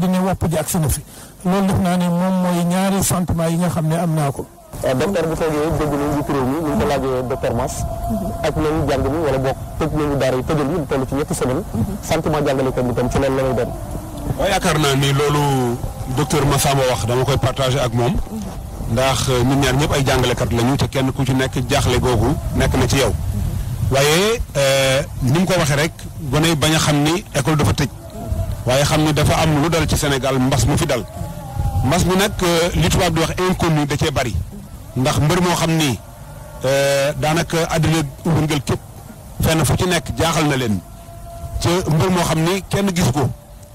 dina wopp ji ak sunu fi loolu def naa ne moom mooy ñaari sentiment yi nga xam ne am naa ko. Eh, docteur bu toogee dégg nañu njiitu réew mi ñu ngi mm-hmm. ak nañu jàng mi wala boog tëj nañu daara yi tëjal yi toll ci ñetti semaine mm-hmm. sentiment jàngale ko bi tam ci loolu la lay doon. yaakaar naa ni loolu docteur Massamba wax dama koy partagé ak moom. Mm-hmm. ndax eh, ñun ñaar ñëpp ay jàngalekat lañu te kenn ku ci nekk jaaxle googu nekk na ci yow. waaye eh, ni mu ko waxee rek gone bañ a xam ni école dafa tëj. waaye xam ni dafa am lu dal ci Sénégal mbas mu fi dal mbas mi nag euh, li tubaab di wax inconnu da cee bari ndax mbër moo xam ni euh, daanaka àddina wëngël képp fenn fu ci nekk jaaxal na leen ca mbër moo xam ni kenn gisu ko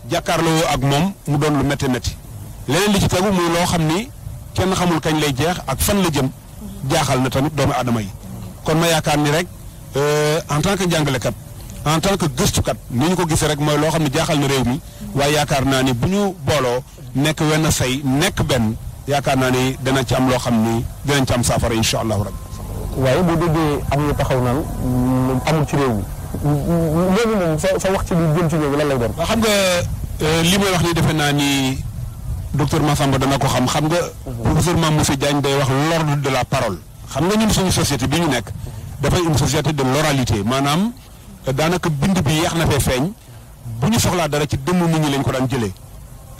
jàkkaarloo ak moom mu doon lu métti métti leneen li ci tegu loo xam ni kenn xamul kañ lay jeex ak fan la jëm jaaxal na tamit doomu aadama yi kon ma yaakaar ni rek euh, en tant que jàngalekat. en tant que gëstukat ni ñu ko gisee rek mooy loo xam ne jaaxal na réew mi waaye yaakaar naa ni bu ñu booloo nekk wenn say nekk benn yaakaar naa ni dana ci am loo xam ni dinañ ci am saafara incha allahu rabbi. waaye boo déggee am ñu taxaw naan amul ci réew mi loolu moom sa sa wax ci lu jëm ci ñoom lan xam nga euh, li may wax ni defe naa ni docteur Massamba dana ko xam xam nga. Mhm. professeur Mamoussé Diagne day wax l'ordre de la parole. xam nga ñun suñu société bi ñu nekk dafay une société l'oralité maanaam. daanaka bind bi yeex na fee feeñ bu ñu soxlaa dara ci dëmm mu ñi lañ ko daan jëlee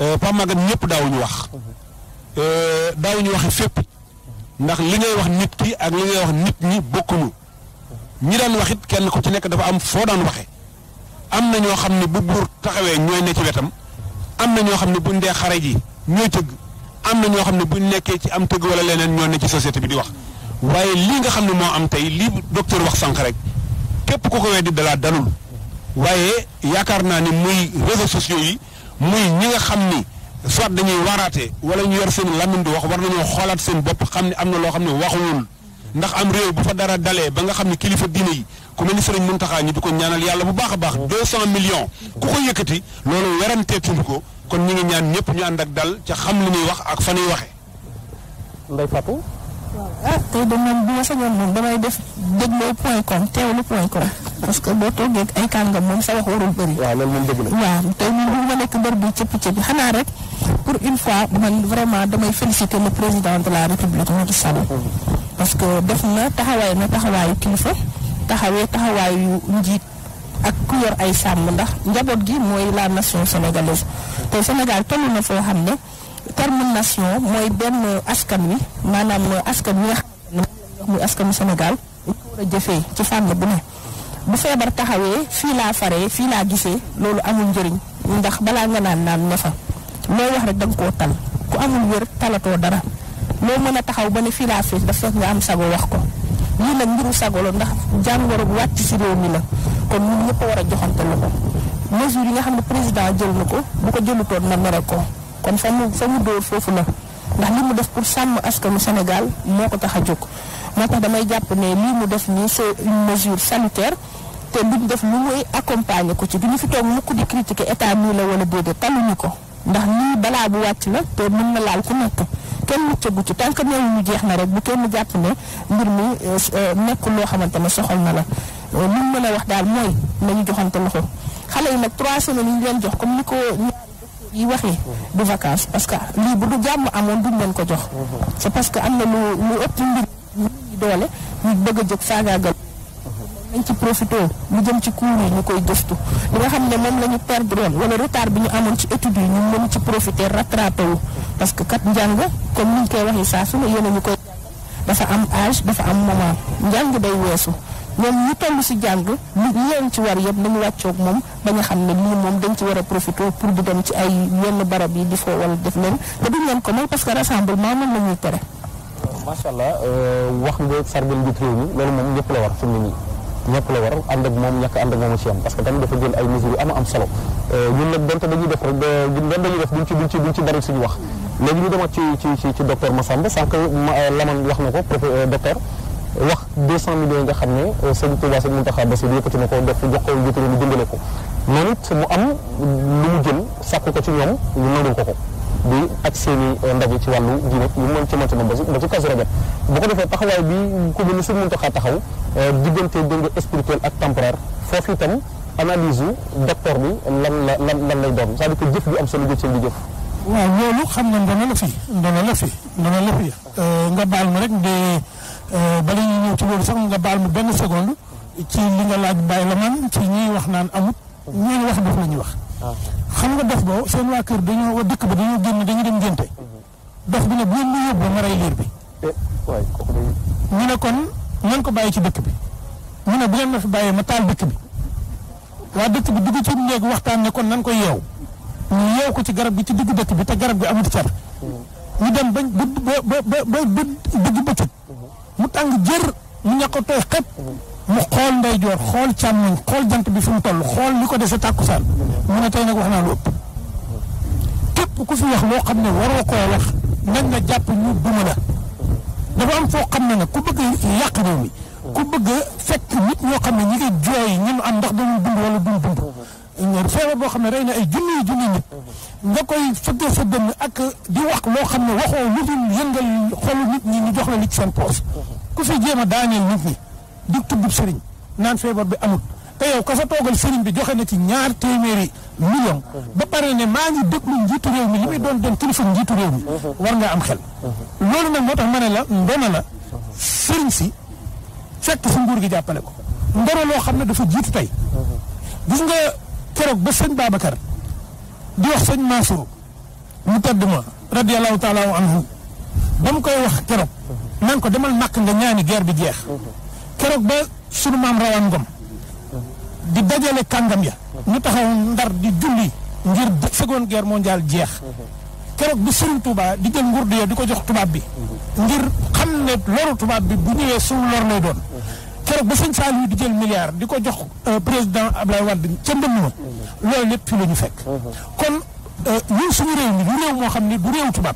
euh, Pa Maguette ñëpp daawuñu wax mhm. euh, daawuñu waxe fépp ndax li ngay wax nit ki ak li ngay wax nit ñi bokkuñu mhm. ñi daan wax it kenn ku ci nekk dafa am foo daan waxe am na ñoo xam ne bu buur taxawee ñooy ne ci wetam am na ñoo xam ne buñ dee xare ji ñooy tëgg am na ñoo xam ne buñ nekkee ci am tëgg wala leneen ñoo ne ci société bi di wax mhm. waaye lii nga xam ne moo am tey lii docteur wax sànq rek képp ku ko weddi dalaa dalul waaye yaakaar naa ne muy réseaux sociaux yi muy ñi nga xam ni soit dañuy waaraate wala ñu yor seen làmmiñ di wax war nañoo xoolaat seen bopp xam ne am na loo xam ne waxuwul ndax am réew bu fa dara dalee ba nga xam ne kilifa diine yi ku mel ni mun Muntaxa ñi di ko ñaanal yàlla bu baax a baax mm-hmm. deux cent ku ko yëkkati loolu weranteetuñu ko kon ñu ngi ñaan ñëpp ñu ànd ak dal ca xam lu muy wax ak fa ñuy waxe Ndeye tey de moom bu ma sañoon moom damay def dégloo point com teewlu point com parce que boo toogee ak ay kàngam moom sa wax warul bëri. waaw loolu moom dëgg la. waaw tey moom bu ma nekk mbër bi cëpp cëpp xanaa rek pour une fois man vraiment damay féliciter le président de la république Macky Sall. parce que def na taxawaay na taxawaayu kilifa taxawee taxawaayu njiit. ak ku ay sàmm ndax njaboot gi mooy la nation sénégalaise te Sénégal toll na foo xam ne. terme nation mooy benn askan wi maanaam askan wi nga xam askanu Sénégal dañ ko war a jëfee ci fànn bu ne bu feebar taxawee fii laa faree fii laa gisee loolu amul njëriñ ndax balaa nga naan naan ne fa loo wax rek da nga koo tal ku amul wér talatoo dara loo mën a taxaw ba ne fii laa fees dafa nga am sago wax ko lii nag mbiru sago la ndax jàngoro bu wàcc si réew mi la kon ñun ñëpp war a joxante loxo mesure yi nga xam ne président jël na ko bu ko jëlutoon na mere ko kon fa mu fa mu dóor foofu la ndax li mu def pour sàmm askanu Sénégal moo ko tax a jóg moo tax damay jàpp ne lii mu def nii c'est une mesure sanitaire te duñ def lu muy accompagner ko ci duñu fi toog mukk di critiquer état nii la wala déedéet taluñu ko ndax lii balaa bu wàcc la te mën na laal ku nekk kenn muccagu ci tànk que ñu jeex na rek bu kenn jàpp ne mbir mi euh, euh, nekkul loo xamante ne soxal na la euh, li mu a wax daal mooy nañu joxante loxo xale yi nag trois yi wax ni du vacance parce que lii bu du jàmm amoon duñ leen ko jox c'est parce que am na lu lu ëpp mbir ñu doole ñu bëgg a jóg faagaagal dañ ci profité lu jëm ci cours yi ñu koy gëstu li nga xam ne moom la ñu perdre woon wala retard bi ñu amoon ci études yi ñu mën ci profité rattrapé parce que kat njàng comme ni ñu koy waxee saa su ne yéen a ñu koy dafa am âge dafa am moment njàng day weesu ñoom ñu toll si jàng li leen ci war yëpp dañu wàccoog moom ba nga xam ne lii moom dañ ci war a profité pour di dem ci ay yenn barab yi di foo wala def leen te duñ leen ko may parce que rassemblement moom la ñuy tere. Euh, macha allah euh, wax nga sargal njiit réew mi loolu moom ñëpp la war fi ñëpp la war ànd ak moom ñàkk ànd ak moom ci am parce que tamit dafa jël ay mesures am am solo euh, ñun def rek ñun dañuy def duñ ci duñ ci duñ ci wax na ko docteur. wax 200 millions yi nga xam ne euh, sëñ Touba sëñ Mountakha Bassirou yëkkati na ko def ko njiitu réew mi ko noonu it mu am ko ci ñoom ñu ko ko di ak seen i euh, ndaje ci wàllu diine yu mën ci mënti moom ba taxaw euh, diggante dëng spirituel ak temporaire foofu itam analyse u docteur bi lan la lan lan lay doon c'est-à-dire que jëf bi am solo jëf seen di jëf waaw loolu xam nga ndono la fi ndono la fi ndono la fi nga baal ma rek Euh, bala ñuy ñëw ci loolu sax nga baal mu benn seconde ci li nga laaj bàyyi la man ci ñiy wax naan amut ñooñu wax dof la ñuy wax ah. xam nga def boo seen waa kër dañoo dëkk ba dañoo génn dañu dem ngénte mm-hmm. dof bi ne bu ñu yóbbu ma rey liir eh, nañ ko bàyyi ci dëkk bi mu ne bu leen ma bàyyee ma taal dëkk bi dëkk bi dugg ci néeg waxtaan ne kon ko yeew ñu ci garab gi ci digg dëkk bi te garab gi amut car ñu mm-hmm. dem ba ba ba ba ba digg mu tàng jër mu ñàkk a tooy xepp mu xool ndeyjoor xool càmmoñ xool jant bi fi mu toll xool li ko dese tàkkusaan mu ne tey nag wax naa lu ëpp ku fi wax loo xam ne waroo koo wax nag nga jàpp ñu duma la dafa am foo xam ne nag ku bëgg yàq réew mi ku bëgg fekk nit ñoo xam ne ñi ngi jooy ñun am ndax dañu dund wala duñ dund feebar boo xam ne rey na ay junni junni nit nga koy fëggee sa dënn ak di wax loo xam ne waxoo lu fi yëngal xolu nit ñi ñu jox la li ci seen poos ku fi jéem a daaneel nit ñi di tuddub sëriñ naan feebar bi amul te yow ka fa toogal sëriñ bi joxe na ci ñaar téeméeri million ba pare ne maa ngi déglu njiitu réew mi li muy doon doon kilifa njiitu réew mi war nga am xel loolu nag moo tax ma ne la ndona sëriñ si fekk si nguur gi jàppale ko ndona loo xam ne dafa jiitu tey keroog ba sëñ Babacar di wax sëñ Mansour mu tedd ma radiyallahu taala anhu ba mu koy wax keroog naan ko demal màkk nga ñaani guerre bi jeex keroog ba sunu maam rawaan ngom di dajale kàngam ya ñu taxaw ndar di julli ngir seconde guerre mondial jeex keroog bi Serigne Touba di jël ngurdu ya di ko jox tubaab bi ngir xam ne loru tubaab bi bu ñëwee suñu lor lay doon keroog ba sëñ Saliou di jël milliard di ko jox euh, président Ablaye Wade ca mbënn ma loolu lépp fi la ñu fekk kon euh, ñun suñu réew mi du réew moo xam ne du réew tubaab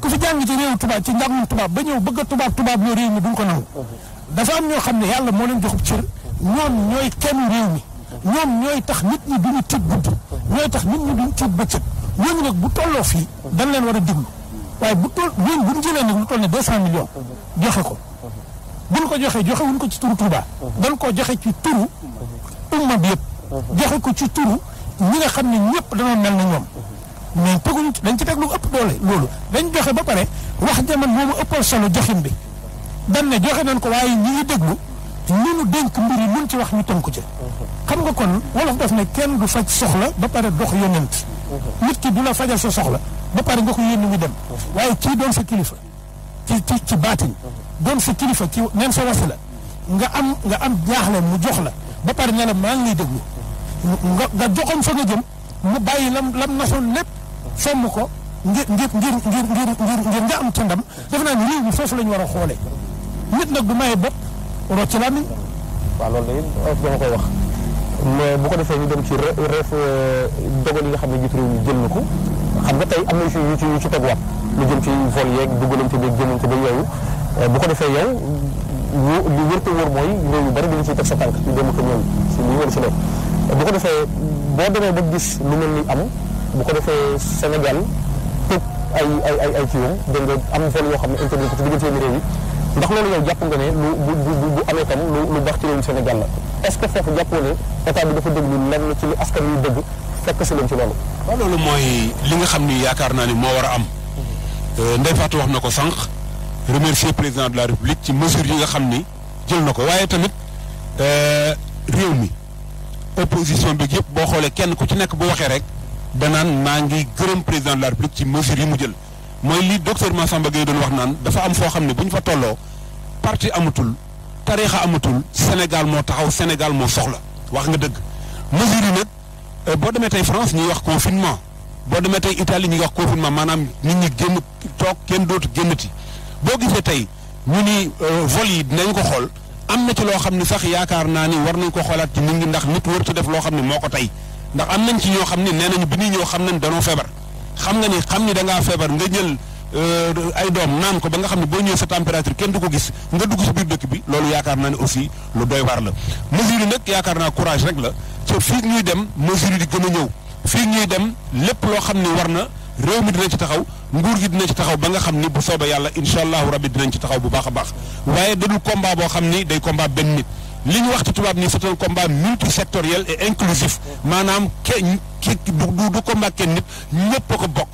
ku fi jàng ci réew tubaab ci njàngum tubaab ba ñëw bëgg a tubaab tubaab loo réew mi duñ ko nangu dafa am ñoo xam ne yàlla moo leen joxub cër ñoom ñooy kenn réew mi ñoom ñooy tax nit ñi duñu tiit guddi ñooy tax nit ñi duñu tiit bëccëg ñooñu nag bu tolloo fii dañ leen war a diglu waaye bu toll ñoom bu ñu jëlee nag lu toll ne deux cent millions joxe ko buñ ko joxee joxe wuñ ko ci turu Touba. Uh-huh. dañ koo joxe ci turu umma bi yëpp. Uh-huh. joxe ko ci turu ñi nga xam ne ñëpp dañoo mel na ñoom. Uh-huh. mais teguñu dañ ci teg lu ëpp doole loolu dañ joxe ba pare wax jaman moomu ëppal solo joxin bi dañ ne joxe ko waaye ñi ngi déglu lu nu dénk mbir ci wax ñu tënk ci xam nga kon wolof def ne kenn du faj soxla ba pare dox yonent nit ki du la fajal sa soxla ba pare nga ko yónni ñu dem waaye kii doon sa kilifa ci ci ci doon sa kilifa ci nen sa wasi la nga am nga am jaaxle mu jox la ba pare ne la maa ngi lay déglu nga nga joxoon fa nga jëm mu bàyyi lam lam nasoon lépp fomm ko ngir ngir ngir ngir ngir ngir ngir nga am ci ndam defe naa ni réew mi foofu la ñu war a xoolee nit nag du maye bopp rocc la mi waaw loolu day dama koy wax mais bu ko defee ñu dem ci reef euh, dogal yi nga xam ne jiitu réew mi jël na ko xam nga tey am na yu ci yu ci teguwaat lu jëm ci vol yeeg dugalante beeg jëmante ba yooyu Euh, bu ko defee yow lu wër te wër mooy réew yu bari dañu ciy teg sa tànk ñu dem ko ñoom si lu wër si nekk bu ko defee boo demee ba gis lu mel ni am bu ko defee Sénégal tëb ay ay ay ay kiiwam da nga am vol yoo xam ne interdit ko ci diggante yenn réew yi nga ne lu bu amee tam lu lu baax ci réewu Sénégal la est-ce que foofu jàppoo ne état bi dafa déglu lenn ci li askan wi dëgg si leen ci mooy li nga xam ni yaakaar naa ni moo war a am. Mhm. Euh, Ndeye Fatou wax na ko sànq. remercier président de la république ci mesures yi nga xam ni jël na ko waaye tamit euh, réew mi opposition bi yëpp boo xoolee kenn ku ci nekk bu waxee rek danaan maa ngi gërëm président de la république ci mesures yi mu jël mooy li docteur Massamba Gueye doon wax naan dafa am foo xam ne bu ñu fa tolloo parti amatul tariixa amatul Sénégal moo taxaw Sénégal moo soxla wax nga dëgg mesures yi nag euh, boo demee tey France ñuy wax confinement boo demee tey Italie ñuy wax confinement maanaam nit ñi génn toog kenn dootu génnati boo gisee tey ñu ni euh, vol yi dinañ ko xool am na ci loo xam ni sax yaakaar naa ni war nañ ko xoolaat ci nit ñi ndax nit warut def loo xam ni moo ko tey ndax am nañ ci ñoo xam ni nee nañu bi ñuy ñëw xam nañ danoo feebar xam na ni xam ni da ngaa feebar nga jël euh, ay doom naan ko ba nga xam ne boo ñëwee sa température kenn du ko gis nga dugg si biir dëkk bi loolu yaakaar naa ne aussi lu doy waar la mesure yi nag yaakaar naa courage rek la te ñuy dem mesure yi di a ñëw fii ñuy dem lépp loo xam ni war na réew mi dinañ ci taxaw nguur gi dina ci taxaw ba nga xam ni bu soobee yàlla incha allahu rabbi dinañ ci taxaw bu baax a baax waaye dadul komba boo xam ni day combat benn nit li ñu wax ci tubaab nii c'est un combat multisectoriel et inclusif maanaam kenn ki du du komba kenn nit ñëpp a ko bokk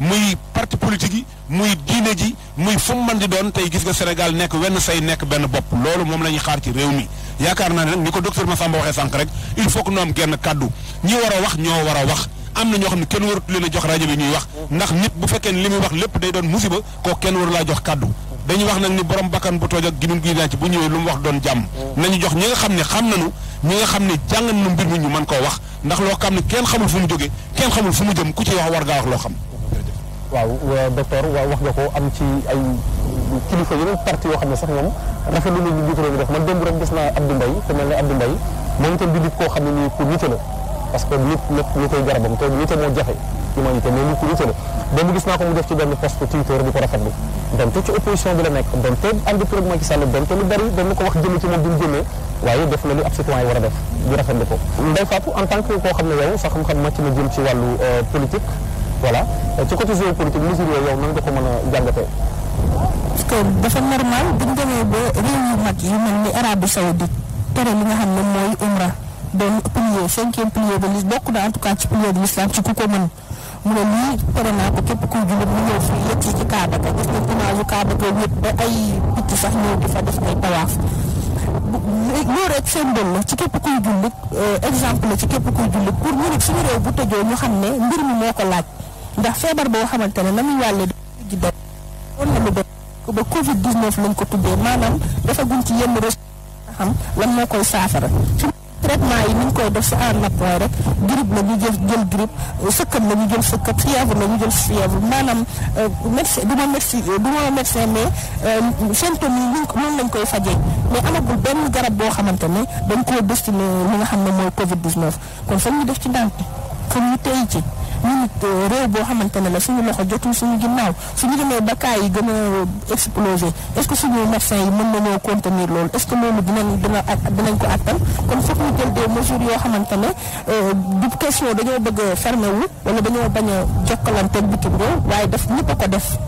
muy parti politique yi muy diine ji muy fu mu mën di doon tey gis nga Sénégal nekk wenn say nekk benn bopp loolu moom la ñuy xaar ci réew mi yaakaar naa ne nag ni ko docteur Massamba waxee sànq rek il faut que genn kàddu ñi war a wax ñoo war a wax am na ñoo xam ne kenn warut leen a jox rajo bi ñuy wax ndax nit bu fekkee ne li muy wax lépp day doon musiba koo kenn waru laa jox kàddu dañu wax nag ni borom bakkan bu tooj ak gimun gi naa ci bu mu wax doon jàmm nañu jox ñi nga xam ne xam nañu ñi nga xam ne jàngan nu mbir mi ñu mën koo wax ndax loo xam ne kenn xamul fu mu jógee kenn xamul fu mu jëm ku ci wax war ngaa wax loo xam waaw euh, docteur waaw wax nga ko am ci ay kilifa yeneen parti yoo xam ne sax ñoom rafetlu nañ li njiitu réew mi def man démb rek gis naa Abdou Mbaye ku mel ne Abdou Mbaye moom bi nit koo xam ne nii ku nite la parce que nit nit li koy garabam te nite moo jafe humanité mais nit nite la démb gis naa ko mu def ci benn post Twitter di ko rafetlu donte ci opposition bi la nekk donte ànd ak Macky Sall donte lu bari dañ ko wax jëme ci moom bi waaye def na lu ab citoyen war a def di rafetlu ko Ndeye Fatou en tant que koo xam ne yow sa xam-xam màcc na jëm ci wàllu euh, politique voilà ci côté géopolitique mesure yooyu yow nan nga ko donc pilier cinquième pilier de l'islam bokk na en tout cas ci pilier de l'islam ci ku ko mën mu ne lii pare naa ko képp kuy jullit mu ñëw fii yëg si ci Kaaba ba ay picc sax ñëw di fa def ay tawaaf loolu la ci képp kuy jullit euh, ci képp kuy pour ñu ne suñu bu tëjoo ñu xam ne mbir mi moo ko laaj ndax feebar boo xamante ne na muy di ji da doon na mu def ba Covid 19 lañ ko tuddee maanaam dafa gun ci yenn rés xam lan moo koy saafara traitement yi ni koy def si en appoint rek grippe la ñu jël jël grippe sëkkat la ñu jël sëkkat fièvre la ñu jël fièvre maanaam euh, médecin du ma médecin du ma médecin mais euh, symptômes yi ñu moom lañ koy fajee mais amagul benn garab boo xamante ne dañ koo destiné li nga xam ne mooy Covid 19 kon foog ñu def ci ndànk foog ñu téye ci. ñun it réew boo xamante ne la suñu loxo jotul suñu ginnaaw suñu demee ba cas yi gën a explosé est que suñu médecin yi mën moo contenir loolu est ce que loolu dinañ dina dinañ ko attan kon foog ñu jël des mesures yoo xamante ne euh, du question dañoo bëgg a fermé wu wala dañoo bañ a jokkalante bitim réew waaye daf ñëpp a ko def.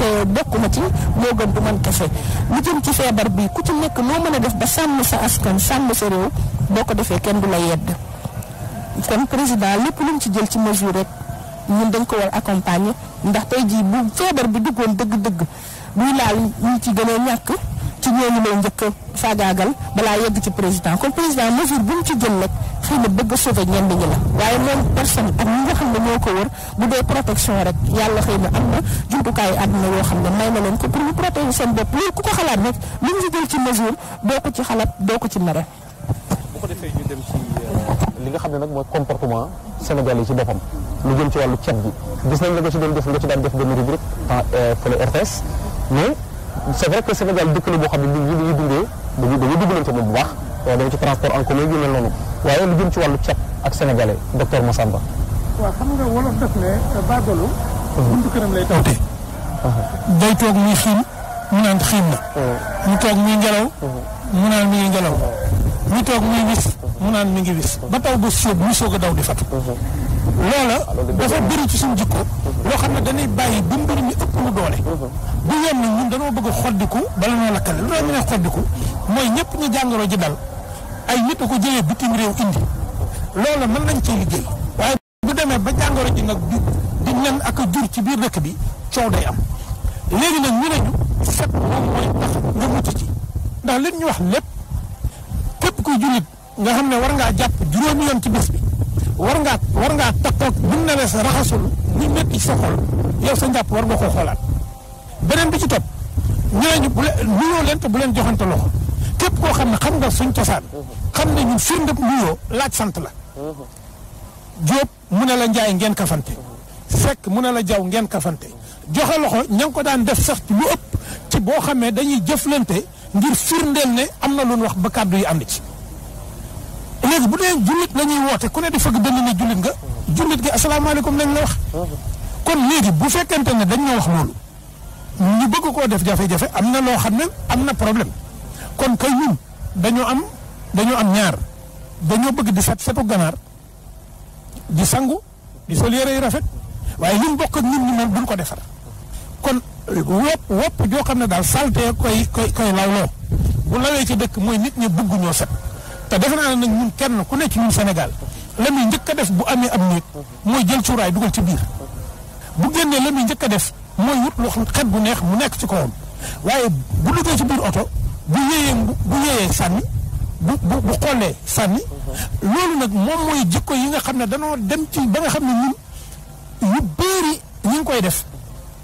te bokk na ci moo gën du man kese lu jëm ci feebar bi ku ci nekk noo mën a def ba sàmm sa askan sàmm sa réew boo ko defee kenn du la yedd kon président lépp lu mu ci jël ci mesure rek ñun dañ ko war accompagner ndax tey jii bu feebar bi duggoon dëgg-dëgg buy laal ñu ci gën a ñàkk ci ñooñu lay njëkk faagaagal balaa yegg ci président kon président mesure bu mu ci jël nag xëy na bëgg a sauver ñenn ñi la waaye même personne ak ñi nga xam ne ñoo ko wër bu dee protection rek yàlla xëy na am na jumtukaayu àdduna yoo xam ne may na leen ko pour ñu protéger seen bopp loolu ku ko xalaat nag lu ñu jël ci mesure doo ko ci xalaat doo ko ci dem ci euh, li xam ne nag mooy comportement. Sénégal yi ci boppam lu jëm ci wàllu cet bi gis nañ nga ci doon def nga ci daan def euh, mais c'est vrai que Sénégal dëkk la boo xam ne nit ñi dañuy dundee dañuy dañuy dugalante moom bu baax euh, dañu ci transport en commun yu mel noonu waaye lu jëm ci wàllu cet ak sénégalais docteur Massamba waaw xam nga wolof def ne euh, baadolu mhm. buntu këram lay tawte day toog muy xiin mun naan xiim na. mu toog muy ngelaw. mu naan mi ngi ngelaw. mu toog muy wis mu naan mu ngi wis. ba taw ba sóob mu soog a daw di fatu. loola dafa bëri ci suñu jikko loo xam ne dañuy bàyyi bu mbir mi ëpp lu doole bu yem ni ñun dañoo bëgg a xoddiku bala noo lakkale lu doon ñu ne xoddiku mooy ñëpp ñu jàngoro ji dal ay nit a ko jëlee bitim réew indi loola mën nañ cee liggéey waaye bu demee ba jàngoro ji nag di di ak a ci biir dëkk bi coow day am léegi ne ñu set moom mooy nga mucc ci ndax li ñu wax lépp képp ku jullit nga xam ne war ngaa jàpp juróomi yoon ci bés bi war ngaa war ngaa takkoog buñ ne la sa raxasul ñu metti ci sa xol yow sa njàpp war nga ko xolaat beneen bi ci topp ñooñu bu leen nuyoo leen te bu leen joxante loxo képp koo xam ne xam nga suñ cosaan xam ne ñun firndeb nuyoo laaj sant la Jóob mu ne la njaay ngeen kafante fekk mu ne la jaw ngeen kafante joxe loxo ña ngi ko daan def sax lu ci boo xamee dañuy jëflante ngir firndeel ne am na lu ñu wax ba kàddu yi am na ci léegi bu dee jullit nañuy ñuy woote ku ne di fëgg dënn ne jullit nga jullit gi asalaamaaleykum lañ la wax kon léegi bu fekkente ne dañ ñoo wax loolu ñu bëgg koo def jafe-jafe am na loo xam ne am na problème kon kay ñun dañoo am dañoo am ñaar dañoo bëgg di set setu ganaar di sangu di sol yére yu rafet waaye li mu bokk ak nit ñi duñ ko defar kon wopp wopp joo xam ne daal salte koy koy koy lawloo bu lawee ci dëkk mooy nit ñi bëgg ñoo set te defe naa ne nag ñun kenn ku nekk ñun Sénégal la muy njëkk a def bu amee am néeg mooy jël cuuraay dugal ci biir bu génnee la muy njëkk a def mooy wut lu xet bu neex mu nekk ci kawam waaye bu duggee ci biir oto bu yéeyee bu yéeyee sànni bu bu xoolee sànni loolu nag moom mooy jikko yi nga xam ne danoo dem ci ba nga xam ne ñun yu bëri ñu ngi koy def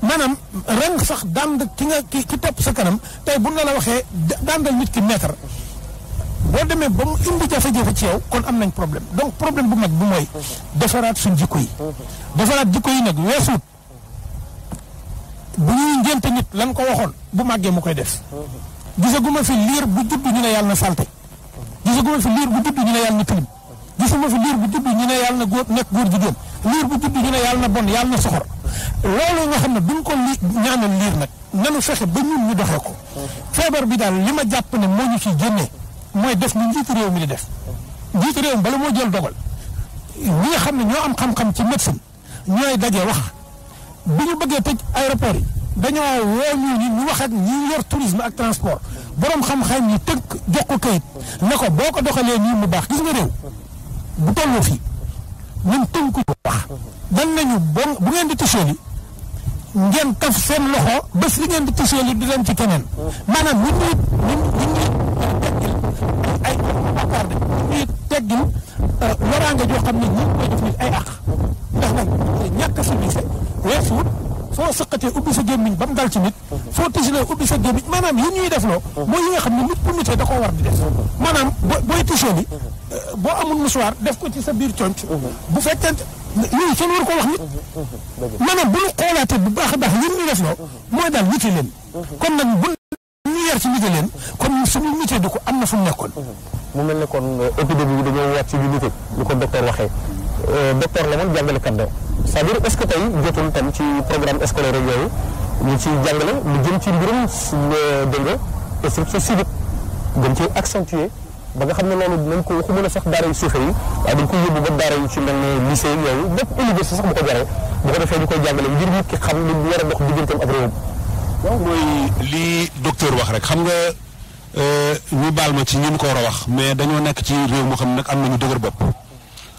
maanaam ren sax dànd ki nga ki ki topp sa kanam tey bu na la waxee dàndal nit ki mètre boo demee ba mu indi jafe-jafe ci yow kon am nañ problème donc problème bu mag bu mooy defaraat suñ jikko yi defaraat jikko yi nag weesuut bu ñuy ngénte nit lan ko waxoon bu màggee mu koy def ma fi liir bu judd ñu ne yàlla na salte gisaguma fi liir bu judd ñu ne yàlla na tilim gisuma fi liir bu judd ñu ne yàlla na góor nekk góor jigéen liir bu judd ñu ne yàlla na bon yàlla na soxor loolu nga xam ne buñ ko li ñaanal liir nag nanu fexe ba ñun ñu doxee ko feebar bi daal li ma jàpp ne moo ñu ciy génnee mooy def nu njiitu réew mi di def njiitu réew mi moo jël dogal ñi nga xam ne ñoo am xam-xam ci médecine ñooy daje wax bi ñu bëggee tëj aéroport yi dañoo woo ñu ni ñu wax ak ñi yor tourisme ak transport borom xam-xam yi tënk jox ko kayit ne ko boo ko doxalee nii mu baax gis nga réew bu tolloo fii ñun tënku ko wax. dañ nañu bon bu ngeen di tisóoli ngeen taf seen loxo bés li ngeen di tisóoli di leen ci keneen. maanaam ñun ñuy ñun ñun ñuy ay bàkkaar teggil euh, loraange joo xam ne ñun koy def nit ay àq. ndax nag ñàkk a civilisé weesuwut. foo sëqatee ubbi sa gémmiñ ba mu dal ci nit foo tisalee ubbi sa gémmiñ maanaam yi ñuy def loo mooy yi nga xam ne nit bu nitee da koo war di def maanaam booy tisali euh, boo amul musuwaar def ko ci sa biir conc bu fekkente yooyu kenn war koo wax nit maanaam bu ñu bu baax a baax yi ñuy def loo mooy daal nite leen kon nag bu ñu yar ci nite leen kon suñu nitee di ko am na fu mu mu mel ne kon euh, épidémie bi dañoo wàcc ci di nite lu ko docteur waxee Euh, docteur la woon jàngalekat la c'est-à-dire est-ce que tey jotul tam ci programme scolaire yooyu ñu ci jàngale lu jëm ci mbirum euh, dégg nga ba nga xam ne loolu dinañ ko waxu a sax daara yu suufe yi waaye dañ koy yóbbu ba daara yu ci mel ne lycée yooyu bépp université sax bu ko jaree bu ko defee ñu koy jàngale ngir nit ki xam li mu war digganteem ak réewam mooy li docteur wax rek xam nga euh, ñu baal ma ci ñi ko war a wax mais dañoo nekk ci réew moo xam ne am am ñu dëgër bopp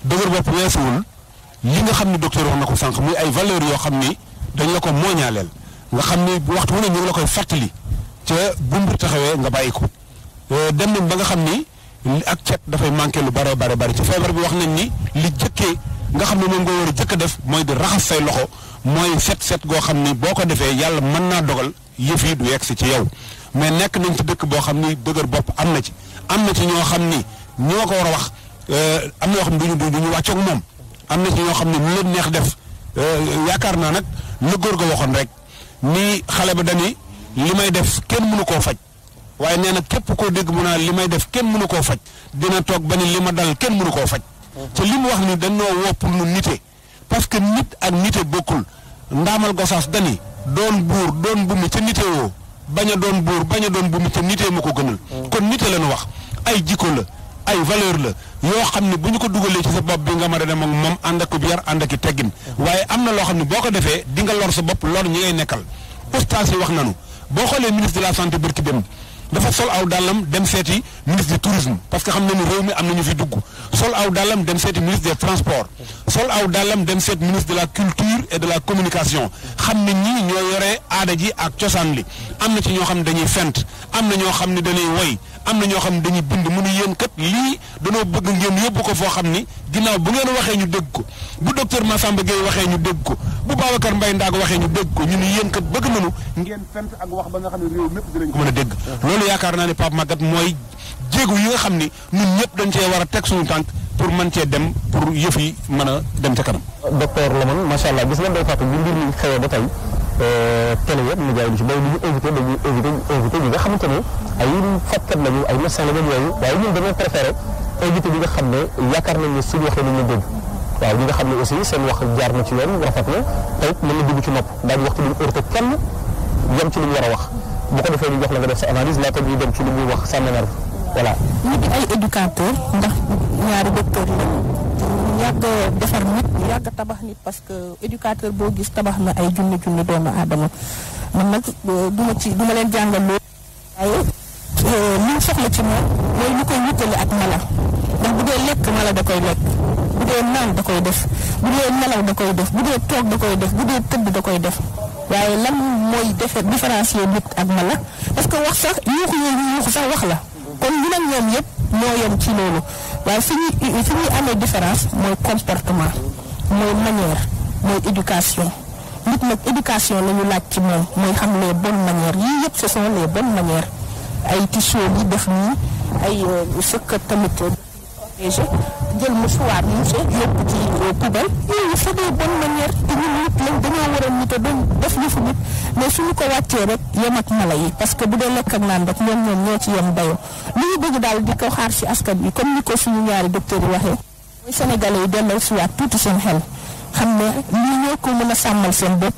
dëgër bopp weesuwul li nga xam ne docteur wax na ko sànq muy ay valeur yoo xam ni dañ la ko mooñaaleel nga xam ni waxtu wu ne ñu ngi la koy fàttali ca bu mbir taxawee nga bàyyi ko euh, dem nañ ba nga xam ni ak cet dafay manqué lu bare bare bare ci feebar bi wax nañ ni li jëkkee nga xam ne moom nga war a jëkk a def mooy di raxas say loxo mooy set set goo xam ni boo ko defee yàlla mën naa dogal yëf yi du yegg si ci yow mais nekk nañ ci dëkk boo xam ni dëgër bopp am na ci am na ci ñoo xam ni ñoo ko war a wax Euh, am na yoo xam ne du ñu du ñu wàccoog moom am na ci ñoo xam ne lu leen neex def euh, yaakaar naa nag na góor ga waxoon rek ni xale ba dañuy li may def kenn mënu koo faj waaye nee na képp koo dégg mu naa li may def kenn mënu koo faj dina toog ba ni li ma dal kenn mënu koo faj. ci mhm. li mu wax ni dañoo wopp nu nite parce que nit ak nite bokkul ndaamal gosaas dani doon buur doon bumi ca nite woo bañ a doon buur bañ a doon bumi ca nitee ma ko gënal. Mhm. kon nite leen wax ay jikko la. ay valeur la yoo xam ne bu ñu ko dugalee ci sa bopp bi nga mën a dem ak moom ànd ak yar ànd ak teggin waaye am na loo xam ne boo ko defee di nga lor sa bopp lor ñi ngay nekkal ustaas yi wax nanu boo xoolee ministre de la santé barki dem dafa sol aw dàllam dem seeti ministre parce que xam nañu réew mi am na ñu fi dugg sol aw dàllam dem seeti ministre des transports sol aw dàllam dem seet ministre de la culture et de la communication xam ne ñii ñoo yore aada ji ak cosaan li am na ci ñoo xam ne dañuy fent am na ñoo xam ne dañuy woy am na ñoo xam ne dañuy bind mu ne yéen kat lii danoo bëgg ngeen yóbbu ko foo xam ni ginnaaw bu ngeen waxee ñu dégg ko bu docteur Massamba Gueye waxee ñu dégg ko bu Babacar Mbaye Ndag waxee ñu dégg ko ñu ne yéen kat bëgg nañu ngeen fent ak wax ba nga xam ne ko mën a dégg loolu yaakaar naa ne Pape Magat mooy jéegu yi nga xam ni ñun ñëpp dañ cee war a teg suñu tànk pour mën cee dem pour yëf yi mën a dem ca kanam docteur Lamane macha allah gis nga day Pape mbir mi xewee ba tey Euh, télé yëpp ñu jaay lu ci bay nga xamante ne ay fajkat lañu ay médecin la ñoom yooyu waaye ñun dañoo préféré invité ñi nga xam ne yaakaar nañ ne suñu waxee nañ la dégg waaw ñi nga xam ne aussi seen wax jaar na ci yoon rafet na tey mën na dugg ci nopp daañu wax ci lu kenn yem ci luñ mu war a wax bu ko defee ñu jox la nga def sa analyse laata ñuy dem ci lu muy wax sànni nerf voilà. ñu di ay éducateur ndax ñaari docteur la. yàgg defar nit yàgg tabax nit parce que éducateur boo gis tabax na ay junni junni doomu aadama man nag euh, duma ci duma leen jàngal loolu waaye euh, li ñu soxla ci moom mooy lu koy wutale ak mala ndax bu dee lekk mala da koy lekk bu dee naan da koy def bu dee nelaw da koy def bu dee toog da koy def bu dee tëdd da koy def waaye lan mooy defe différencier nit ak mala parce que wax sax yuuxu yooyu yuuxu sax wax la kon ñu ñoom yëpp ñoo yem ci loolu waaye fi ñuy amee différence mooy comportement mooy manière mooy éducation nit nag éducation la ñu laaj ci moom mooy xam les bonnes manières yii yëpp ce sont les bonnes manières ay tissu yi def nii ay euh, sëkkat tamit. je jël mouchoir mouché yóbbu ci poubelle yooyu c'est des bonnes manières te ñun nit lañ dañoo war a nit a doon def yëfu nit mais suñu ko wàccee rek yem ak mala yi parce que bu dee lekk ak naan rek ñoom ñoom ñoo ci yem dayoo li ñu bëgg daal di ko xaar ci askan bi comme ni ko suñu ñaari docteur yi waxee mooy sénégalais yi delloo si waat tuuti seen xel xam ne lii ñoo ko mën a sàmmal seen bopp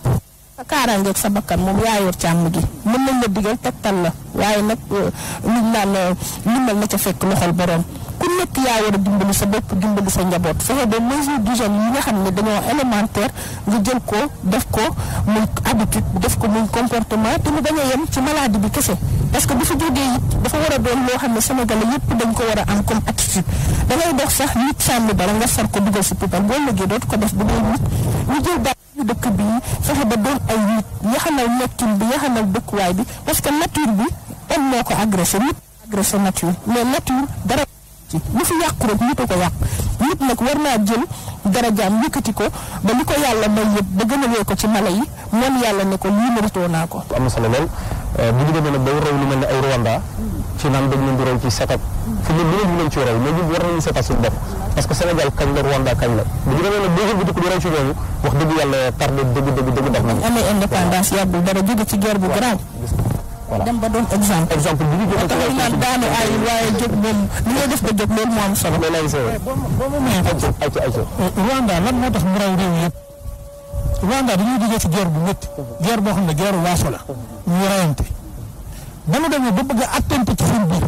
sa kaaraangeeg sa bakkan moom yaa yor càmm gi mën nañ la digal tegtal la waaye nag euh, liñ naan euh, limal na ca fekk loxol borom ku nekk yaa war a dimbali sa bopp dimbali sa njaboot fexe ba mesure d'hygiène yi nga xam ne dañoo élémentaire nga jël ko def ko muy habitude def ko muy comportement te mu bañ a yem ci maladie bi kese. parce que bu fa jógee it dafa war a doon loo xam ne Sénégalais yëpp dañ ko war a am comme attitude da ngay dox sax nit sànni dara nga far ko dugal si poubelle boo lëggee dootu ko def bu dee nit ñu jël daal ñu dëkk bi fexe ba doon ay nit yaxanal nekkin bi yaxanal dëkkuwaay bi parce que nature bi am moo ko agressé nit agressé nature mais nature dara. ci lu fi yàqu rek nit a ko yàq nit nag war naa jël darajaam yëkkati ko ba li ko yàlla may yëpp ba gënalee ko ci mala yi moom yàlla ne ko lii méritoo naa ko. na solo lool eh, bu ñu demee ay Rwanda ci naan dañ leen di raw ci setat fi ñun lu ñu ci raw mais la Rwanda kañ la bu ci ñooñu wax dëgg yàlla tardé dëgg dëgg dëgg def nañu. amee indépendance yàggul dara jóge ci guerre bu grave. voilà dem ba doon exemple. exemple bu ñu jóg ak ñu naan nga def ba jóg loolu moo am solo. loolu lay sëw boo boo mu mayee. ayca ayca ayca. Rwanda lan moo tax mu raw xam ne guerre waaso la. ñu rayante ba mu demee ba bëgg a attente ci seen biir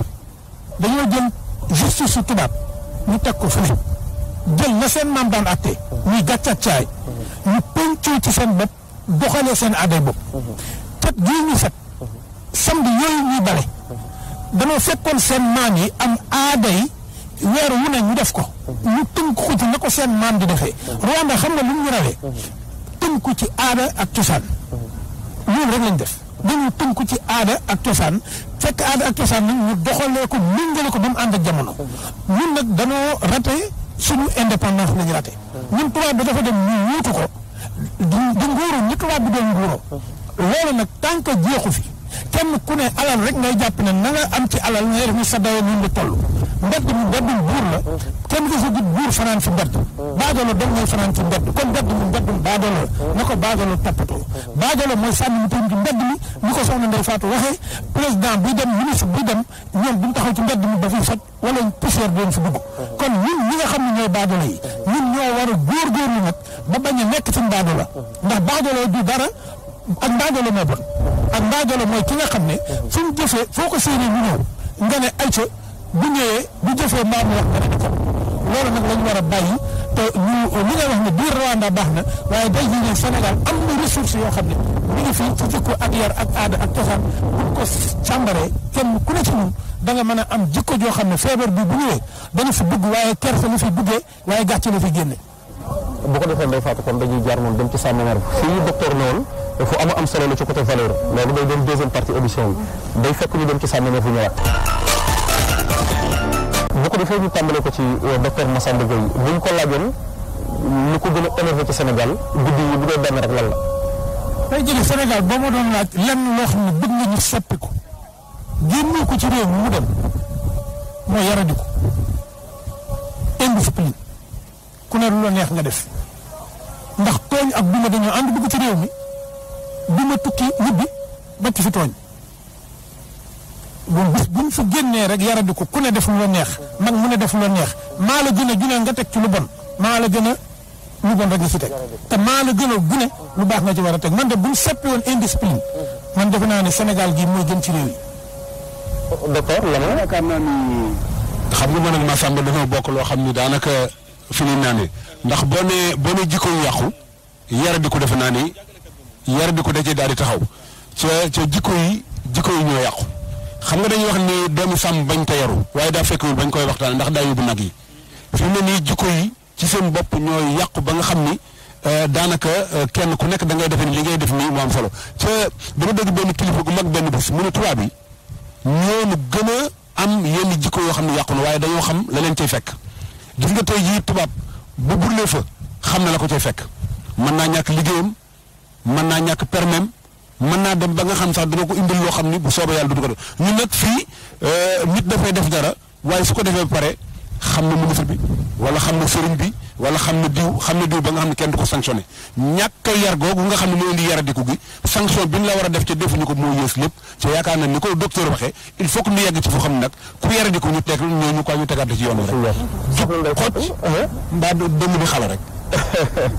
dañoo jël justice tubaab ñu teg ko fële jël na seen maam daan atte muy gàccaat caay ñu ci seen bopp doxalee seen aaday bopp. tet gii ñu set. samedi yooyu ñuy bale dañoo fekkoon seen maam yi am aaday weer wu ne ñu def ko ñu tënk ko ci na ko seen maam di defee Rwanda xam ne lu ñu rawee tënku ci aada ak cosaan loolu rek lañ def dañu tënku ci aada ak cosaan fekk aada ak cosaan nag ñu doxalee ko ko ba mu ànd ak jamono ñun nag dañoo raté suñu indépendance lañu raté ñun bi dafa dem ñu wuutu ko du nguuru nag tant que jeexu fi kenn ku ne alal rek ngay jàpp ne na nga am ci alal ngay def ni sa dayoo noonu la toll mbedd mu mbeddum buur la kenn ko sa gudd buur fanaan fi mbedd baadolo dong ngay fanaan fi mbedd kon mbedd mu mbeddum baadolo na ko baadolo toppatoo baadolo mooy sànni mu tam ci mbedd mi ni ko soxna Ndeye Fatou waxee président buy dem ministre buy dem ñoom duñ taxaw ci mbedd mi ba fi soj wala poussière bi doon fi dugg kon ñun ñi nga xam ne ñooy baadolo yi ñun ñoo war a góorgóorlu nag ba bañ a nekk ci baadolo ndax baadolo du dara ak ndaajolo moo bon ak ndaajolo mooy ki nga xam ne fu mu jëfee foo ko séenee nga ne ayca bu ñëwee bu jëfee maam wax nga ne nag la ñu war te ñu li nga wax ne biir Rwanda baax na waaye day ñu ne Sénégal yoo xam ne mi ak yar ak aada ak cosaan bu ko càmbaree ku ne da nga mën a am jikko joo xam ne feebar bi bu ñëwee dana fi dugg waaye kersa lu fi duggee waaye gàcce lu fi génne. bu ko defee Ndeye Fatou kon dañuy jaar moom dem ci sàmm fii docteur ne woon fu ama am solo la ci côté valeur loolu day doon deuxième partie audition bi day fekk ñu dem ci sànni ma fu ñëwaat bu ko defee ñu tàmbale ko ci euh, docteur Massamba Gueye bu ñu ko laajoon lu ko gën a énervé ci guddi yi bu dee benn rek lan la. tey jii Sénégal boo ma doon laaj lenn loo xam ne bëgg nga ñu soppi ko génne ko ci réew mi mu dem moo yaradi ko indiscipline ku ne lu la neex nga def ndax tooñ ak duma dañoo ànd dugg ci réew mi. bi ma tukki bi ba ci fi tooñ bu buñ fa génnee rek yaradi ko ku ne def lu la neex man mu ne def lu la neex maa la gën a junee nga teg ci lu bon maa la gën a lu bon rek nga ci teg te maa la gën a gune lu baax nga ci war a teg man de buñ seppi woon indiscipline man defe naa ne Sénégal gii mooy gën ci réew yi d'accord la yaakaar naa ni xam nga man ak Massamba dañoo bokk loo xam ni daanaka fi naa ne ndax boo nee boo nee jikko yàqu yaradi ko naa ni yar bi ko dajee daal di taxaw ca ca jikko yi jikko yi ñoo yàqu xam nga dañuy wax ni doomu sàmm bañ ko yaru waaye daa fekkewul bañ koy waxtaan ndax daa yóbbu nag yi fi mu ne nii jikko yi ci seen bopp ñoo yàqu ba nga xam ni euh, daanaka euh, kenn ku nekk da ngay defe ni li ngay def nii mu am solo ca dama dégg benn kilifa gu mag benn bés mu ne tubaab yi ñoonu gën a am yenn jikko yoo xam ne yàqu na waaye dañoo xam la leen cay fekk gis nga tey jii tubaab bu burlee fa xam na la ko cay fekk mën naa ñàkk liggéeyam mën naa ñàkk permem mën naa dem ba nga xam sax dina ko indil loo xam ni bu soobee yàlla du ko def ñun nag fii euh, nit dafay def dara waaye su ko defee ba pare xam na ministre bi wala xam na sëriñ bi wala xam na diw xam na diw ba nga xam ne kenn ko sanctionné ñàkk a yar googu nga xam ne moo indi yaradiku gi sanction bi la war a def ca defuñu ko moo yées yaakaar na ni ko docteur waxee il faut xam ne nag ku yaradiku ñu teg ñoo ñu ko ñu tegaat ci yoon bi rek. soxna rek.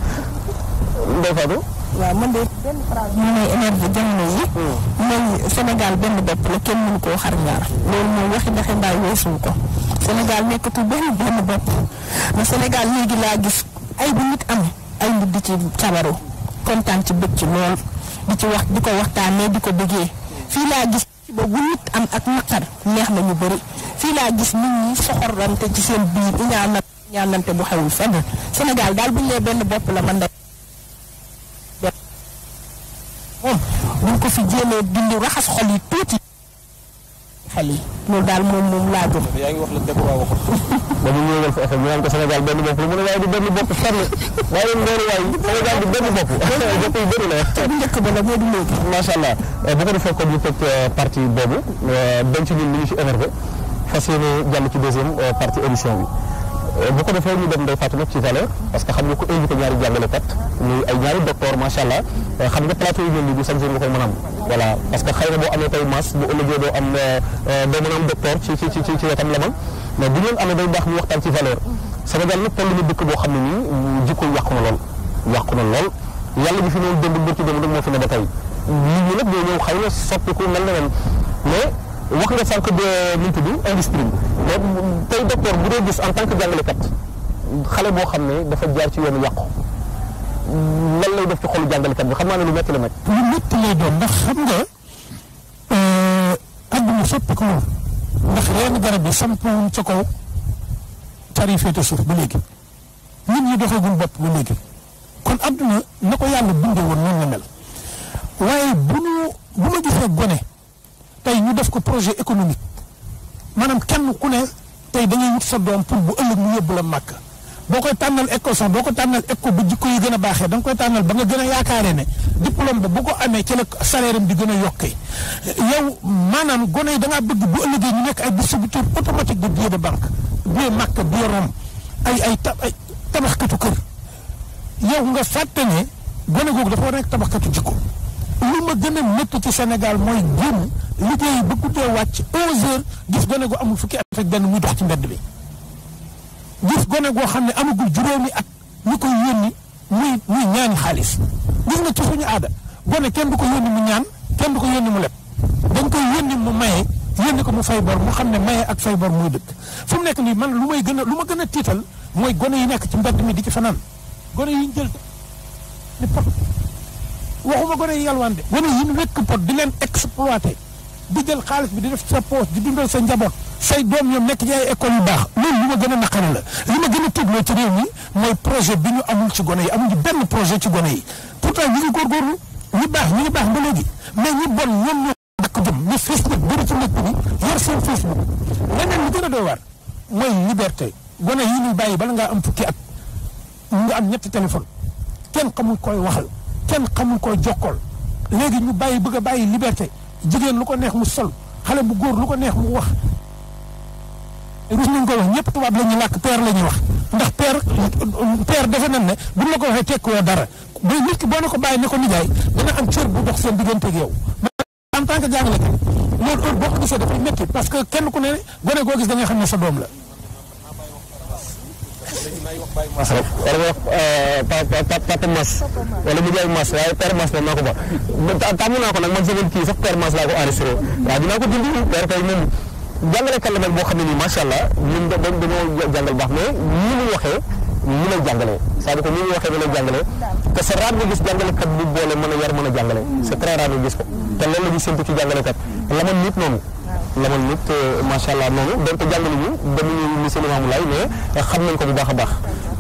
Ndeye Fatou. waaw man de benn phrase moom mooy énergie jamono yi. Hmm. mooy Sénégal benn bopp la kenn mënu koo xar ñaar loolu mooy waxi ndaxe ko Sénégal nekkatul benn benn bopp na Sénégal gis ay am ay nit di ci cabaru kontaan ci bëgg di ci wax di ko waxtaanee fii laa gis neex na ñu bëri fii laa gis nit ñi soxorante ci seen biir ñaanante bu xewul fenn Sénégal daal bu ñu benn bopp la man da moom bu ko fi jéemee dindi raxas xol yi tuuti. xel yi loolu daal moom moom laa gëm. yaa ngi wax la dëgg waa waxut. dañu ñëwal fa FM ñu naan ko Sénégal benn bopp la mu ne waaye du benn bopp fenn waaye leen loolu waaye Sénégal du benn bopp. bopp yu bëri la. te bu njëkk ba la moo di léegi. macha allah eh, bu ko defee kon ñu eh, partie boobu eh, denc ñun li ñu ci énervé fas yéene jàll ci deuxième partie émission bi. Euh, bu ko defee ñu dem day fàttali ci valeur parce que xam nga ko mel euh, nii du chaque jour nga koy mën a parce que xëy na boo amee tey masse bu ëllëgee doo am euh, doo ci ci ci ci wetam mais bu ngeen amee day baax ñu waxtaan ci valeur Sénégal nag toll na dëkk boo xam ne nii jikko yàqu na lool yàqu na lool yàlla bi fi noonu démb bërki démb fi ne ba tey nit ñi nag ñoo ñëw xëy na soppiku mel na leen wax nga sànq de nu mu tudd bi mais tey bu dee gis en tant que jàngalekat xale boo xam ne dafa jaar ci yoonu yàqu lan lay def ci xolu jàngalekat bi xam naa ne lu métti la nag. lu métti lay doon ndax xam nga adduna euh, soppi ko woon ndax reenu garab bi sampoon ca kaw tari féete suuf ba léegi nit ñi doxagul bopp ba léegi kon adduna na ko yàlla bindee woon noonu la mel waaye bu ñu bu ma gisee gone. tey ñu def ko projet économique maanaam kenn ku ne tey da ngay wut sa doom pour bu ëllëg mu yóbbu la màkk boo koy tànnal école sax boo ko tànnal école bu jikko yi gën a baaxee da koy tànnal ba nga gën a yaakaaree ne diplôme ba bu ko amee ci la salaire di gën a yokkee yow maanaam gone yi da ngaa bëgg bu ëllëgee ñu nekk ay distributeur automatique de billets de banque billet màkk billet rom ay ay ay tabaxkatu kër yow nga fàtte ne gone googu dafa war a nekk tabaxkatu jikko lu ma gën a métti ci Sénégal mooy liggéey ba guddee wàcc 11 heures gis gone gu amul fukki at ak benn muy dox ci mbedd bi gone goo xam ne amagul juróomi at ñu koy yónni muy ñaani xaalis gis nga ci suñu aada gone kenn du ko yónni mu ñaan kenn du ko yónni mu leb dañ koy yónni mu maye yónni ko mu fay bor mu xam ne maye ak fay bor mooy dëkk fu mu nekk nii man lu may gën a lu ma gën a tiital mooy gone yi nekk ci mbedd mi di ci fanaan gone yi ñu jël ni pot waxuma gone yi yalwaan de gone yi ñu wekk pot di leen exploité di jël xaalis bi di def sa poos di dundal sa njaboot say doom ñoom nekk ci ay école yu baax loolu li ma gën a naqare la li ma gën a tuutloo ci réew mi mooy projet bi ñu amul ci gone yi am benn projet ci gone yi pourtant ñu ngi góorgóorlu ñu baax ñu ngi baax ba léegi mais ñu bon ñoom ñoo dakk jëm ñu Facebook bëri ci nekk bi yor seen Facebook leneen li gën a mooy liberté gone yi ñuy bàyyi bala ngaa am fukki at nga am ñetti téléphone kenn xamul koy waxal kenn xamul koy jokkool léegi ñu bàyyi bëgg a bàyyi liberté jigéen lu ko neex mu sol xale bu góor lu ko neex mu wax rus nañ ko wax ñëpp tubaab la ñuy làkk peer la ñuy wax ndax peer peer defe nañ ne buñ la ko waxee tekkiwoo dara mais nit ki boo ne ko bàyyi ne ko nijaay dana am cër bu dox seen diggante ak yow en tant que jàngalekat loolu heure boo ko gisee dafay métti parce que kenn ku ne gone goo gis da nga xam ne sa doom la wala mu wax papa mas wala mu jaay mas waaye père mas moom naa ko ba tàmm naa ko nag man semaine kii sax père mas laa ko enregistré waaw dinaa ko dindi père fay moom jàngalekat la mel boo xam ne nii macha allah ñun dañoo jàngal baax mais ñi mu waxee ñi lay jàngalee c'est-à-dire que ñi mu waxee ñu lay jàngalee te c'est rare nga gis jàngalekat bu boole mën a yar mën a jàngale c'est très nga gis ko te loolu la ñuy séntu jàngalekat la man nit noonu lamal nit euh, macha allah noonu donc jàngaluñu demuñu lycée Limamou Laye mais euh, xam nañ ko bu baax a baax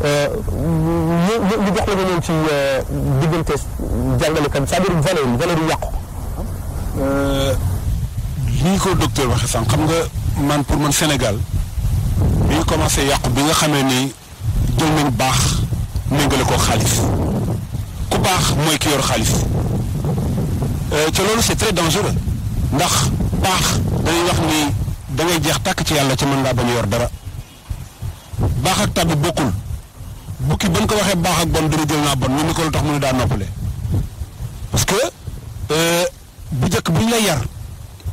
euh, ñu ñu ñu jox la nga ñëw ci diggante jàngalekat c'est-à-dire valeur yi valeur yi ko docteur waxee sànq xam nga man pour man Sénégal bi ñu commencé yàqu bi nga xamee ni jël nañ baax méngale ko xaalis ku baax mooy ki yor xaalis te loolu c'est très dangereux ndax. baax dañuy wax ni da ngay jeex tàkk ci yàlla ci mën ngaa bañ yor dara baax ak tàbbi bokkul bukki ba ñu ko waxee baax ak bon dina jël naa bon ñu ni ko tax mu ne daa noppale parce que euh, bu njëkk bu ñu lay yar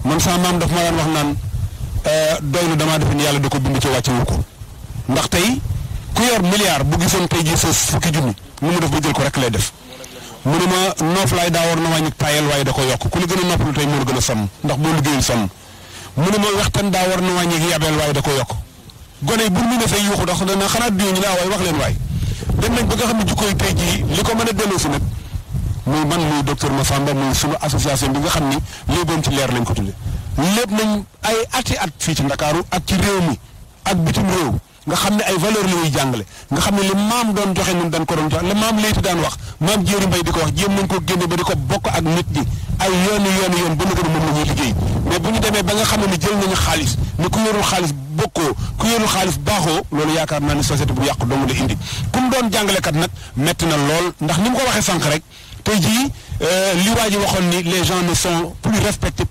man sama maam daf ma daan wax naan euh, doy na damaa def ni yàlla da ko bind ci wàcce wu ko ndax tey ku yor milliard bu gisoon tey jii sa fukki junni nu mu def ba jël ko rek lay def. mu ne ma noof laay daa war na wàññi tayal waaye da ko yokk ku la gën a noppalu tey moo gën a sonn ndax boo liggéeyul sonn mu ne ma waxtaan daa war na wàññi yabeel waaye da ko yokk gone yi bu ñu ne say yuuxu ndax dana xanaat bii ñu laa ah, waay wax leen waay dem nañ ba nga xam ne jikko yi li ko mën a delloo si nag muy man muy docteur Massamba muy sunu association bi nga xam ni léeboon ci leer lañ ko tudde lépp nañ ay ati at fii ci Ndakaaru ak ci réew mi ak bitim réew nga xam ne ay valeur la ñuy jàngale nga xam ne li maam doon joxe ñun dañ ko doon joxe li maam léyti daan wax maam jéeri mbay di ko wax jéem nañ ko génne ba di ko bokk ak nit ñi ay yoonu yoonu yoon ba nagado moom la ñuy liggéey mais bu ñu demee ba nga xam ne jël nañu xaalis ne ku yorul xaalis bokkoo ku yorul xaalis baaxoo loolu yaakaar naa ne société bu yàqu dong la indi kum doon jàngalekat nag metti na lool ndax ni mu ko waxee sànq rek tey jii euh, li waa ji waxoon ni les gens ne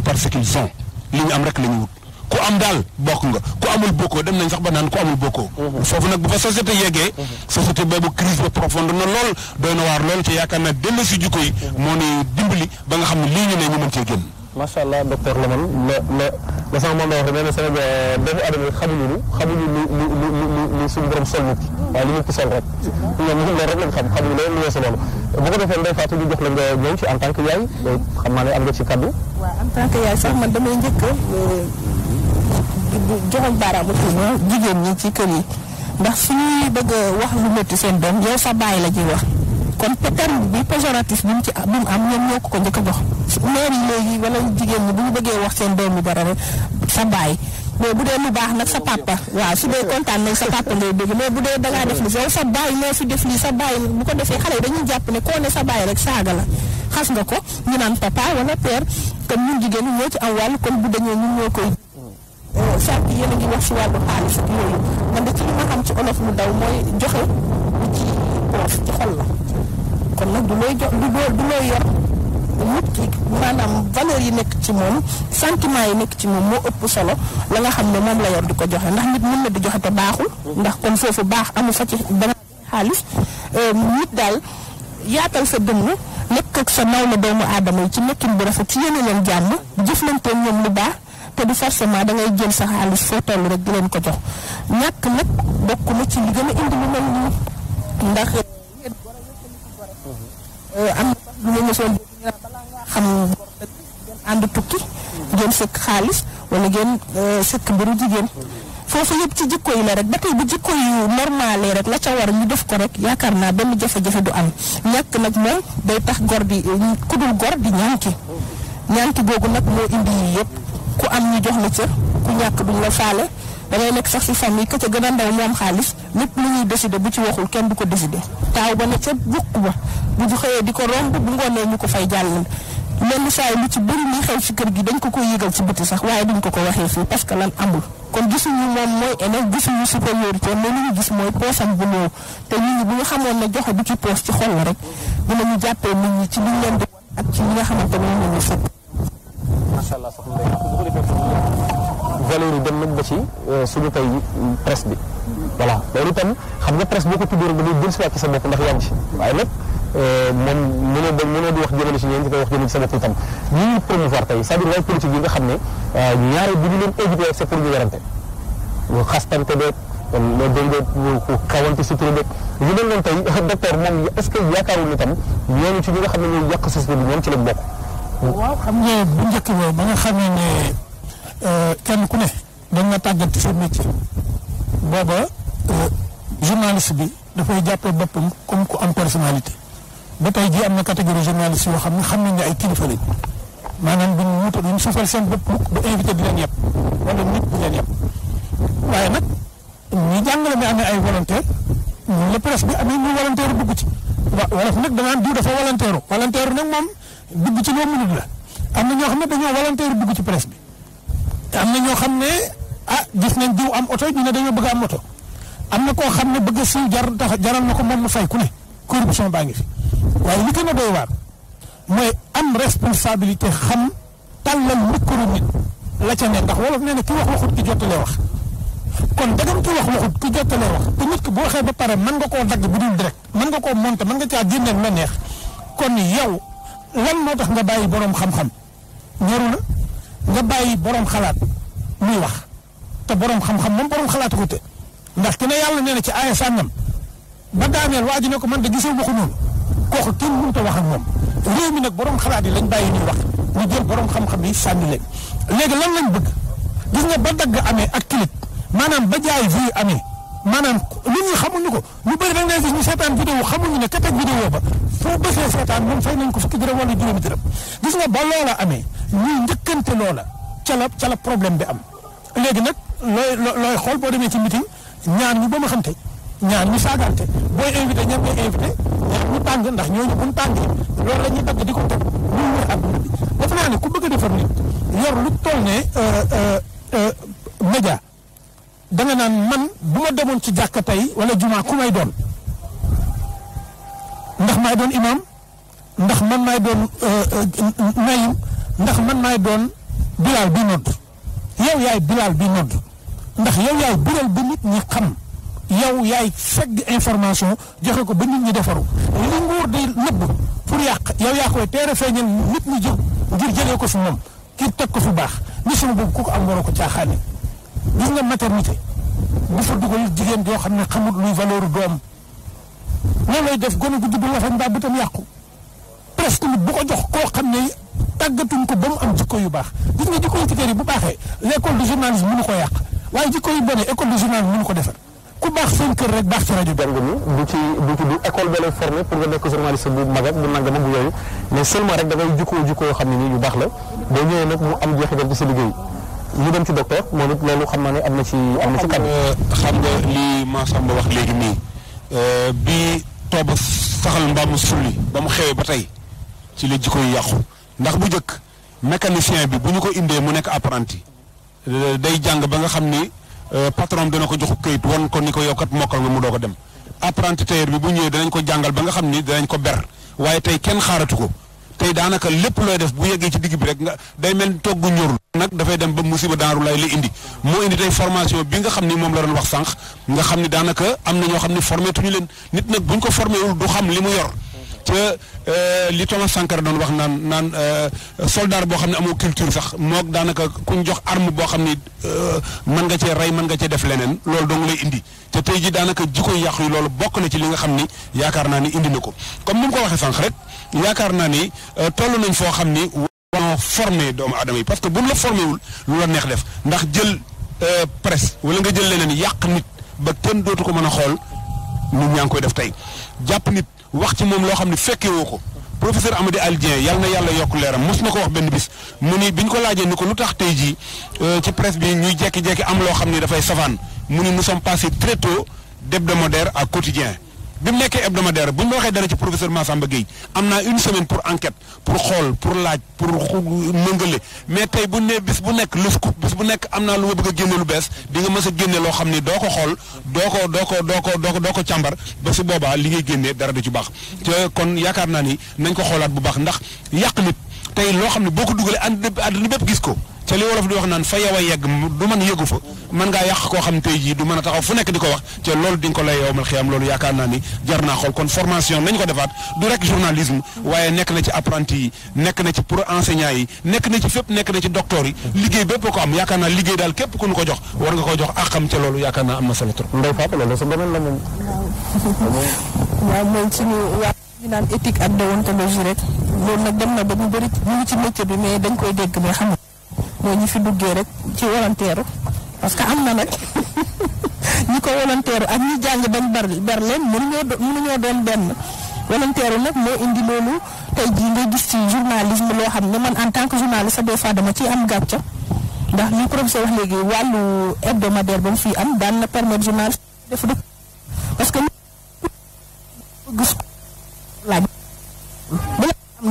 par ce qu'ils sont li ñu am rek la ñu ku am daal bokk nga ku amul bokkoo dem nañ sax ba naan ku amul bokkoo mhm. foofu nag bu fa société yeggee mhm. société boobu crise ba profonde na lool doy na waar lool ci yaakaar naa dellu si jikko yi mhm. moo nuy xam ne lii ñu ne ñu mën cee génn macha allah docteur Lamane la la la sama moom la na Sénégal doomu aadama xamuñu lu xamuñu lu lu lu lu suñu borom sol nit njëkk joxoñ baaraamu tuuma jigéen ñi ci kër yi ndax su ñuy bëgg wax lu métti seen doom yow sa bàyyi la ñuy wax kon terme bi péjoratif bi mu ci bi mu am ñoom ñoo ko njëkk jox maire yi léegi jigéen bu ñu bëggee wax seen doom bi dara rek sa bàyyi mais bu dee lu baax nag sa papa waaw su dee kontaan nag sa papa ngay dégg mais bu dee dangaa def li yow sa bàyyi moo fi def lii sa bàyyi bu ko defee xale dañuy jàpp ne koo sa bàyyi rek saaga la xas nga ko ñu naan papa wala père comme ñun jigéen ñoo ci am wàll kon bu dañoo ñun ñoo koy sànq yéen ngi wax si wàllu xaalis ak man de ci li ma xam ci olof mu daw mooy joxe lu ci nag du looy jox du loo du looy yor nit ki maanaam valeur yi nekk ci moom sentiment yi nekk ci moom moo ëpp solo la nga xam ne moom la yor di ko joxe ndax nit mën na di joxe te baaxul. ndax kon foofu baax amu fa ci dana xaalis euh, nit daal yaatal sa dënn nekk ak sa naw la doomu aadama yi ci nekkin bu rafet ci yéene leen jàmm jëflante ñoom lu baax. te du forcément da ngay jël sa xaalis foo toll rek di leen ko jox ñàkk nag bokk na ci li gën a indi lu mel nii ndax euh, xam ànd tukki ngeen sëkk xaalis wala ngeen euh, sëkk mbiru jigéen foofu yëpp ci jikko yi la rek ba tey bu jikko yu normale rek la ca war ñu def ko rek yaakaar naa benn jafe-jafe du am ñàkk nag moom day tax gor bi ku dul gor di ñànki ñànki googu nag moo indi yii yëpp ku am ñu jox na cër ku ñàkk duñ la faale damay nekk sax si famille que ca gën a ndaw moom xaalis lépp lu ñuy décider bu ci waxul kenn du ko décider taaw ba ne ca bukk ba bu ñu xëyee di ko romb bu ngoonee ñu ko fay jàllal lenn saa yi lu ci bëri muy xew ci kër gi dañ ko ko yëgal ci biti sax waaye duñ ko ko waxee fii parce que lan amul kon gisuñu moom mooy ene gisuñu supériorité mais li ñu gis mooy poosam bu néew te nit ñi bu xamoon ne joxe du ci poos ci xol la rek dinañu jàppee nit ñi ci liñ leen di ak ci nga xamante ne moom la macha allah soxna Ndeye bu ko defee yi dem nag ba ci euh, suñu tey presse bi. voilà loolu itam xam nga presse boo ko tuddee rek ci sa bopp ndax yaa ngi ci waaye euh, ba mënoo di wax jëmale si ñoom di koy wax jëmale si sa bopp itam ñi ñuy promouvoir tey cest à nga xam ne euh, ñaare bu leen éviter rek c'est pour ñu yarante ñu xastante beeg loolu dégg nga ku xawante sutura beeg yu mel noonu tey docteur moom est-ce que yaakaarul itam ñooñu ci ñi nga xam ne ñooy yàq société bi ñoom ci lañ bokk. waaw xam nga bu njëkk ba ba nga xam ne euh, kenn ku ne dañ la tàggat sa métier booba euh, journaliste bi dafay jàppee boppam comme que am personnalité ba tey jii am na catégorie journaliste yoo xam ne xam nañ ne ay kilifa lañ maanaam duñ wutal duñ suufal seen waaye nag ñu jàngale mi amee ay volontaire ñu la presse bi amee ñu volontaire dugg ci wa ne nag naan diw dafa volontaire volontaire nag moom dugg ci loo mënul la am na ñoo xam ne dañoo volontaire dugg ci presse bi am na ñoo xam ne ah gis nañ diw am oto ñu ne dañoo bëgg am oto am na koo xam ne bëgg siiw jar tax jaral na ko moom mu fay ku ne corruption baa ngi fi waaye li gën a doy waar mooy am responsabilité xam tàllal micro nit la ca ne ndax wolof nee ne ki wax waxut ki jottalee wax kon dagam ki wax waxut ki jottalee wax te nit ki boo waxee ba pare mën nga koo dagg bu dul direct mën nga koo monter mën nga caa génneel la neex kon yow lan moo tax nga bàyyi boroom xam-xam ñoru la nga bàyyi boroom xalaat muy wax te boroom xam-xam moom boroom xalaatu ko te ndax ki ne yàlla nee na ci aaya sànnam ba daaneel waa ji ne ko man de gisoo waxu noonu kooku kenn mënut a wax ak moom réew mi nag boroom xalaat yi lañ bàyyi ñuy wax ñu jël boroom xam-xam yi sànni leen léegi lan lañ bëgg gis nga ba dagg amee ak kilit maanaam ba jaay vie amee maanaam nit ñi xamuñu ko ñu bëri da ngay gis ñu seetaan vidéo xamuñu ne kateg vidéo ba foo bësee seetaan moom fay nañ ko fukki dërëm wala juróomi dërëm gis nga ba loola amee ñuy njëkkante loola ca la ca la problème bi am léegi nag looy looy xool boo demee ci meeting ñaan ñu ba ma xam te ñaan ñu saagante booy invité ñam ngay invité ñaar ñu tàng ndax ñoo buñ tàngee tàng la ñuy dagg di ko teg ñu wër adduna bi def naa ne ku bëgg a defar nit yor lu toll ne euh, euh, euh, média da nga naan man bu ma demoon ci jàkka tey wala jumaa ku may doon ndax maay doon imaam ndax man maay doon euh, euh, nayim ndax man maay doon bilaal bi nodd yow yaay bilaal bi nodd ndax yow yaay biral ba nit ñi xam yow yaay segg information joxe ko ba nit ñi defaru li nguur day nëbb pour yàq yow yaa koy teere feeñal nit ñi jóg ngir jëlee ko fi moom ngir teg ko fi baax mission boobu ku ko am waroo ko caaxaane gis nga maternité bu fa dugal jigéen joo xam ne xamut luy valeur doom lan lay def gone gu juddu wafañ mbaa bëtam yàqu presque lu bu ko jox koo xam ne tàggatuñ ko ba mu am jikko yu baax gis nga jikko yu ci kër yi bu baaxee ko bone école de journalisme mënu ko defar ku baax seen kër rek baax ci rajo jàng mi du du ci du école ba lay formé pour nga nekk journaliste bu mag ak bu nangam ak mais seulement rek da ngay jikkoo yoo xam ne nii yu baax la boo ñëwee nag mu am jeexital liggéey ñu dem ci docteur moom it loolu xam naa ne am na ci am na ci xam nga li Massamba wax léegi nii euh, bi tooba saxal mbaamu sulli ba mu xewee ba tey ci li jikko yi yàqu ndax bu njëkk mécanicien bi bu ñu ko indee mu nekk apprenti euh, day jàng ba nga xam ni euh, patron dana ko jox kayit wan ko ni ko yokkat kat mokkal nga mu doo ko dem apprenti tailleur bi bu ñëwee danañ ko jàngal ba nga xam ni danañ ko ber waaye tey kenn xaaratu ko tey daanaka lépp looy def bu yeggee ci digg bi rek nga day mel togg ñorul nag dafay dem ba musiba daaru lay li indi moo indi tey formation bi nga xam ni moom la doon wax sànq nga xam ni daanaka am na ñoo xam ni formé tuñu leen nit nag buñ ko formé wul du xam li mu yor ca euh, li Thomas Sankara doon wax naan naan euh, soldat boo xam ne amoo culture sax moog daanaka kuñ jox arme boo xam ni euh, mën nga cee rey mën nga cee def leneen loolu dong lay indi te tey ji daanaka jikko yàqu loolu bokk na ci li nga xam ni yaakaar naa ni indi na ko comme ni mu ko waxee sànq rek yaakaar naa ni toll nañ foo xam ni waroon formé doomu adama yi parce que buñ la formé wul lu la neex def ndax jël presse wala nga jël leneen yàq nit ba kenn dootu ko mën a xool nit ñaa ngi koy def tey jàpp nit wax ci moom loo xam ne fekke woo ko professeur amadi Al Dieng yal na yàlla yokk leeram mos na ko wax benn bis mu ni bi ñu ko laajee ni ko lu tax tey jii euh, ci presse bi ñuy jekki-jekki am loo xam ne dafay safaan mu ni nous sommes passés très deer ak à quotidien bi mu nekkee hebdomadaire bu ñu waxee dara ci professeur Massamba Gueye am naa une semaine pour enquête pour xool pour laaj pour mëngale mais tey bu ne bis bu nekk lu scoop bis bu nekk am naa lu ma bëgg a génne lu bees di nga mës a génne loo xam ni doo ko xool doo ko doo ko doo ko doo ko doo ko càmbar ba su boobaa li ngay génnee dara du ci baax te kon yaakaar naa ni nañ ko xoolaat bu baax ndax yàq nit tey loo xam ne boo ko dugalee àddina bépp gis ko ca li wolof di wax naan fa yow a yegg du man yëgu fa mën ngaa yàq koo xam tey jii du mën a taxaw fu nekk di ko wax te loolu di nga ko lay yowmal xiyaam loolu yaakaar naa ni jar naa xool kon formation nañ ko defaat du rek journalisme waaye nekk na ci apprenti yi nekk na ci pour enseignant yi nekk na ci fépp nekk na ci docteur yi liggéey bépp ko am yaakaar naa liggéey daal képp ku ñu ko jox war nga ko jox ak xam ca loolu yaakaar naa am na solo trop. Ndeye Pape loolu sa domaine la moom. waaw mooy suñu waa ñu loolu nag ba ñu bëri ñu xam mooy ñi fi duggee rek ci volontaire parce que am na nag ñi ko volontaire ak ñi jàng bañ bar bar leen mënuñoo mënuñoo doon benn volontaire nag moo indi loolu tey jii nga gis ci journalisme loo xam ne man en tant que journaliste des fois dama ciy am gàcce ndax li professeur wax léegi wàllu hebdomadaire ba mu fi am daan na permettre journaliste def rek parce que gis laaj bu la am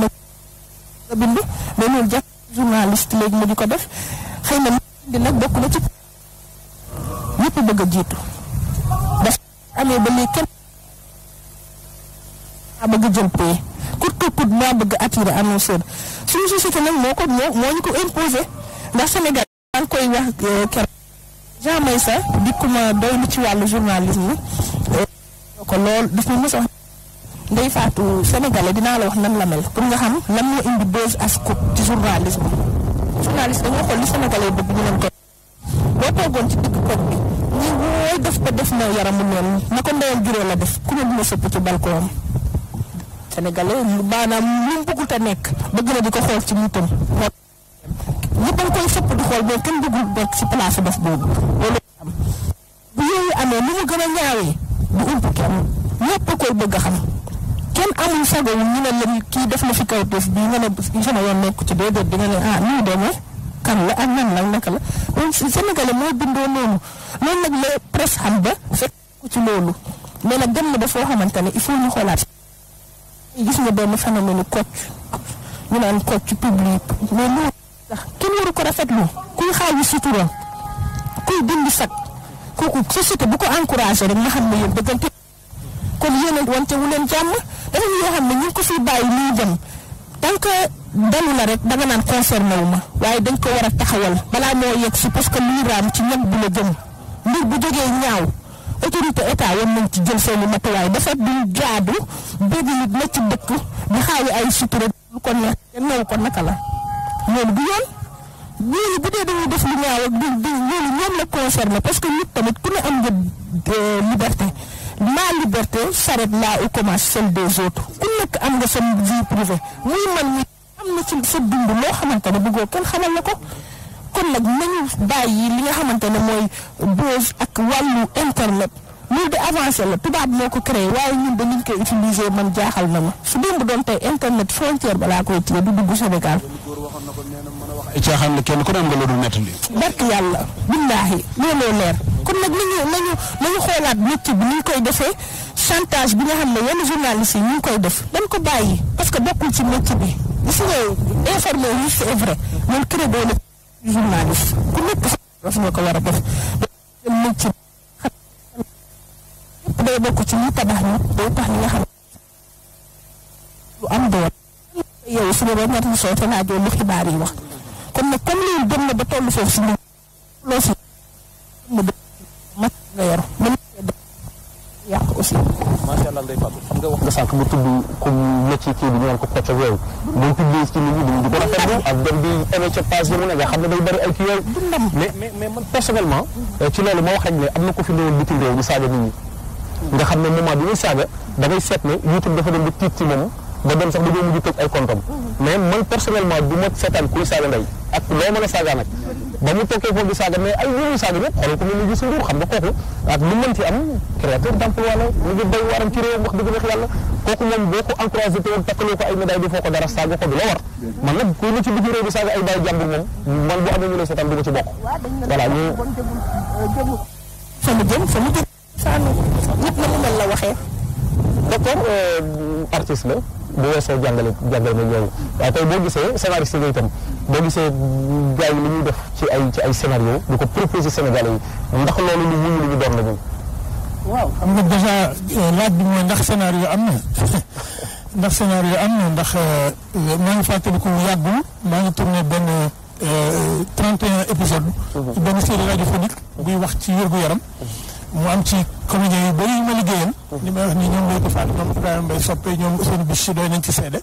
na bind mais loolu jàpp journaliste léegi la ñu ko def xëy nag bokk na ci ñëpp bëgg a jiitu daf amee ba léegi kenn maa bëgg a jël paie coûte que coûte maa bëgg a nag moo ko moo moo ñu ko imposé ndax Sénégal maa koy wax euh, keroog Jean Meissa di kuma doy lu ci wàllu journalisme euh, ko lool daf ma a wax Ndeye Fatou sénégalais dinaa la wax nan la mel pour nga xam lan moo indi buzz as coupe ci journalisme journaliste dañoo xool li sénégalais bëgg ñu leen ko ci digg koog na yaramu noonu na ko ndeyam juree la def ku ne dina sëpp ci balkoom sénégalais maanaam lu mu bëggut nekk bëgg na di ko xool ci mutam ñëpp dañ koy sëpp di xool mais kenn bëggul nekk si place dof boobu loolu am bu yooyu amee lu mu gën a ñaawee bu ump kenn ñëpp koy bëgg a xam amuñ sago wu ne la kii def na fi kaw def bii nga ne sama yoon nekku ci déedéet bi nga ne ah nii demee kan la ak nan la naka la loolu Sénégalais moo bindoo noonu loolu nag la presse xam ba fekk ci loolu mais nag dem na ba foo xamante ne il faut ñu xoolaat gis nga benn phénomène kocc ñu naan kocc public mais loolu sax kenn waru ko rafetlu kuy xaaju suturam kuy dindi sag kooku société bu ko encouragé rek nga xam ne yéen dëggante kon yéen a wante wu leen jàmm dafa yoo xam ne ñu ngi ko fiy bàyyi muy dem tant que dalu la rek danga naan concerné ma waaye dañ ko war a taxawal balaa moo yegg si parce que luy raam ci ñag bu la jëm mbir bu jógee ñaaw autorité état war nañ ci jël seeni matuwaay dafa duñ jaadu bëgg nit na ci dëkk di ko ne kenn ko naka la loolu du yoon ñooñu bu dee dañuy def lu ñaaw ak du du loolu ñoom la concerné parce que nit tamit ku ne am nga euh, liberté ma liberté s'arrête là où commence celle des autres ku nekk am nga sa vie privée muy man mi am na ci sa dund loo xamante ne bëggoo kenn xamal na ko kon nag nañu bàyyi li nga xamante ne mooy buzz ak wàllu internet loolu de avancé la tubaab moo ko créé waaye ñun dañu koy utiliser man jaaxal na ma su démb doon tey internet frontière balaa koy téye du dugg Sénégal caaxaan la kenn ku ne am nga loolu nettali. barke yàlla billaahi looloo leer kon nag nañu nañu nañu xoolaat métier bi ni koy defee chantage bi nga xam ne yenn journalistes yi ñu ngi koy def dañ ko bàyyi parce que bokkul ci métier bi. gis nga informé sa daf nga ko war a def dañu métier bi day bokk ci ñi tabax ñi day tax li nga xam lu am doole yow suba ba ñett ñu soote naa jox lu xibaar yi wax. kon nag comme loolu dem na ba toll foofu si ñun loo si mat nga yor mën yàq aussi. macha allah Ndeye Fatou xam nga wax kii bi ñu ko pecc ak yooyu. dañ tuddee ci nit ñi dañ di ne nga xam ne day bëri ay kii yooyu. mais mais mais man personnellement. Euh, ci loolu ma wax rek ne am na ko fi ñëwoon bitim réew di saaga nit ñi. nga xam ne moment bi muy saaga da ngay seet ne YouTube dafa dem ba tiit ci moom ba dem sax ba doon mujj tëj ay comptes mm-hmm. mais man personnellement du ma seetaan kuy saaga ndey. ak loo mën a saaga nag ba mu toog foofu di saaga mais ay ñoom saaga ñëpp xoolal ko mu ngi gis nguur xam nga kooku ak lu mën ci am créateur d'emploi la mu ngi béy waram la war ku ne ci biir réew bi saaga ay bàyyi jàmbur moom man bu amee ñu lay seetaan du ci bokk voilà ñu fa mu jëm fa mu jëm ñëpp la mu mel la waxee d'accord euh, artiste la bu weesoo jàngale jàngale ma yooyu waaye tey boo gisee scénariste yi itam boo gisee gars yi li def ci ay ci ay scénario di ko proposer Sénégalais yi ndax loolu lu wuyu lu ñu doon la ñun waaw xam nga dèjà euh, laaj bi mooy ndax scénario am na ndax scénario am ndax ndax euh, maa ngi fàttaliku yàggul maa ngi tourné benn 31 euh, épisode mhm. benn série radiophonique buy wax ci wér yaram mhm. mu am ci comédien yu yu ma liggéeyal. li may wax nii ñoom Léegi Fall ñoom Ibrahima Mbaye Soppe ñoom seen bés si doy nañ ci seede.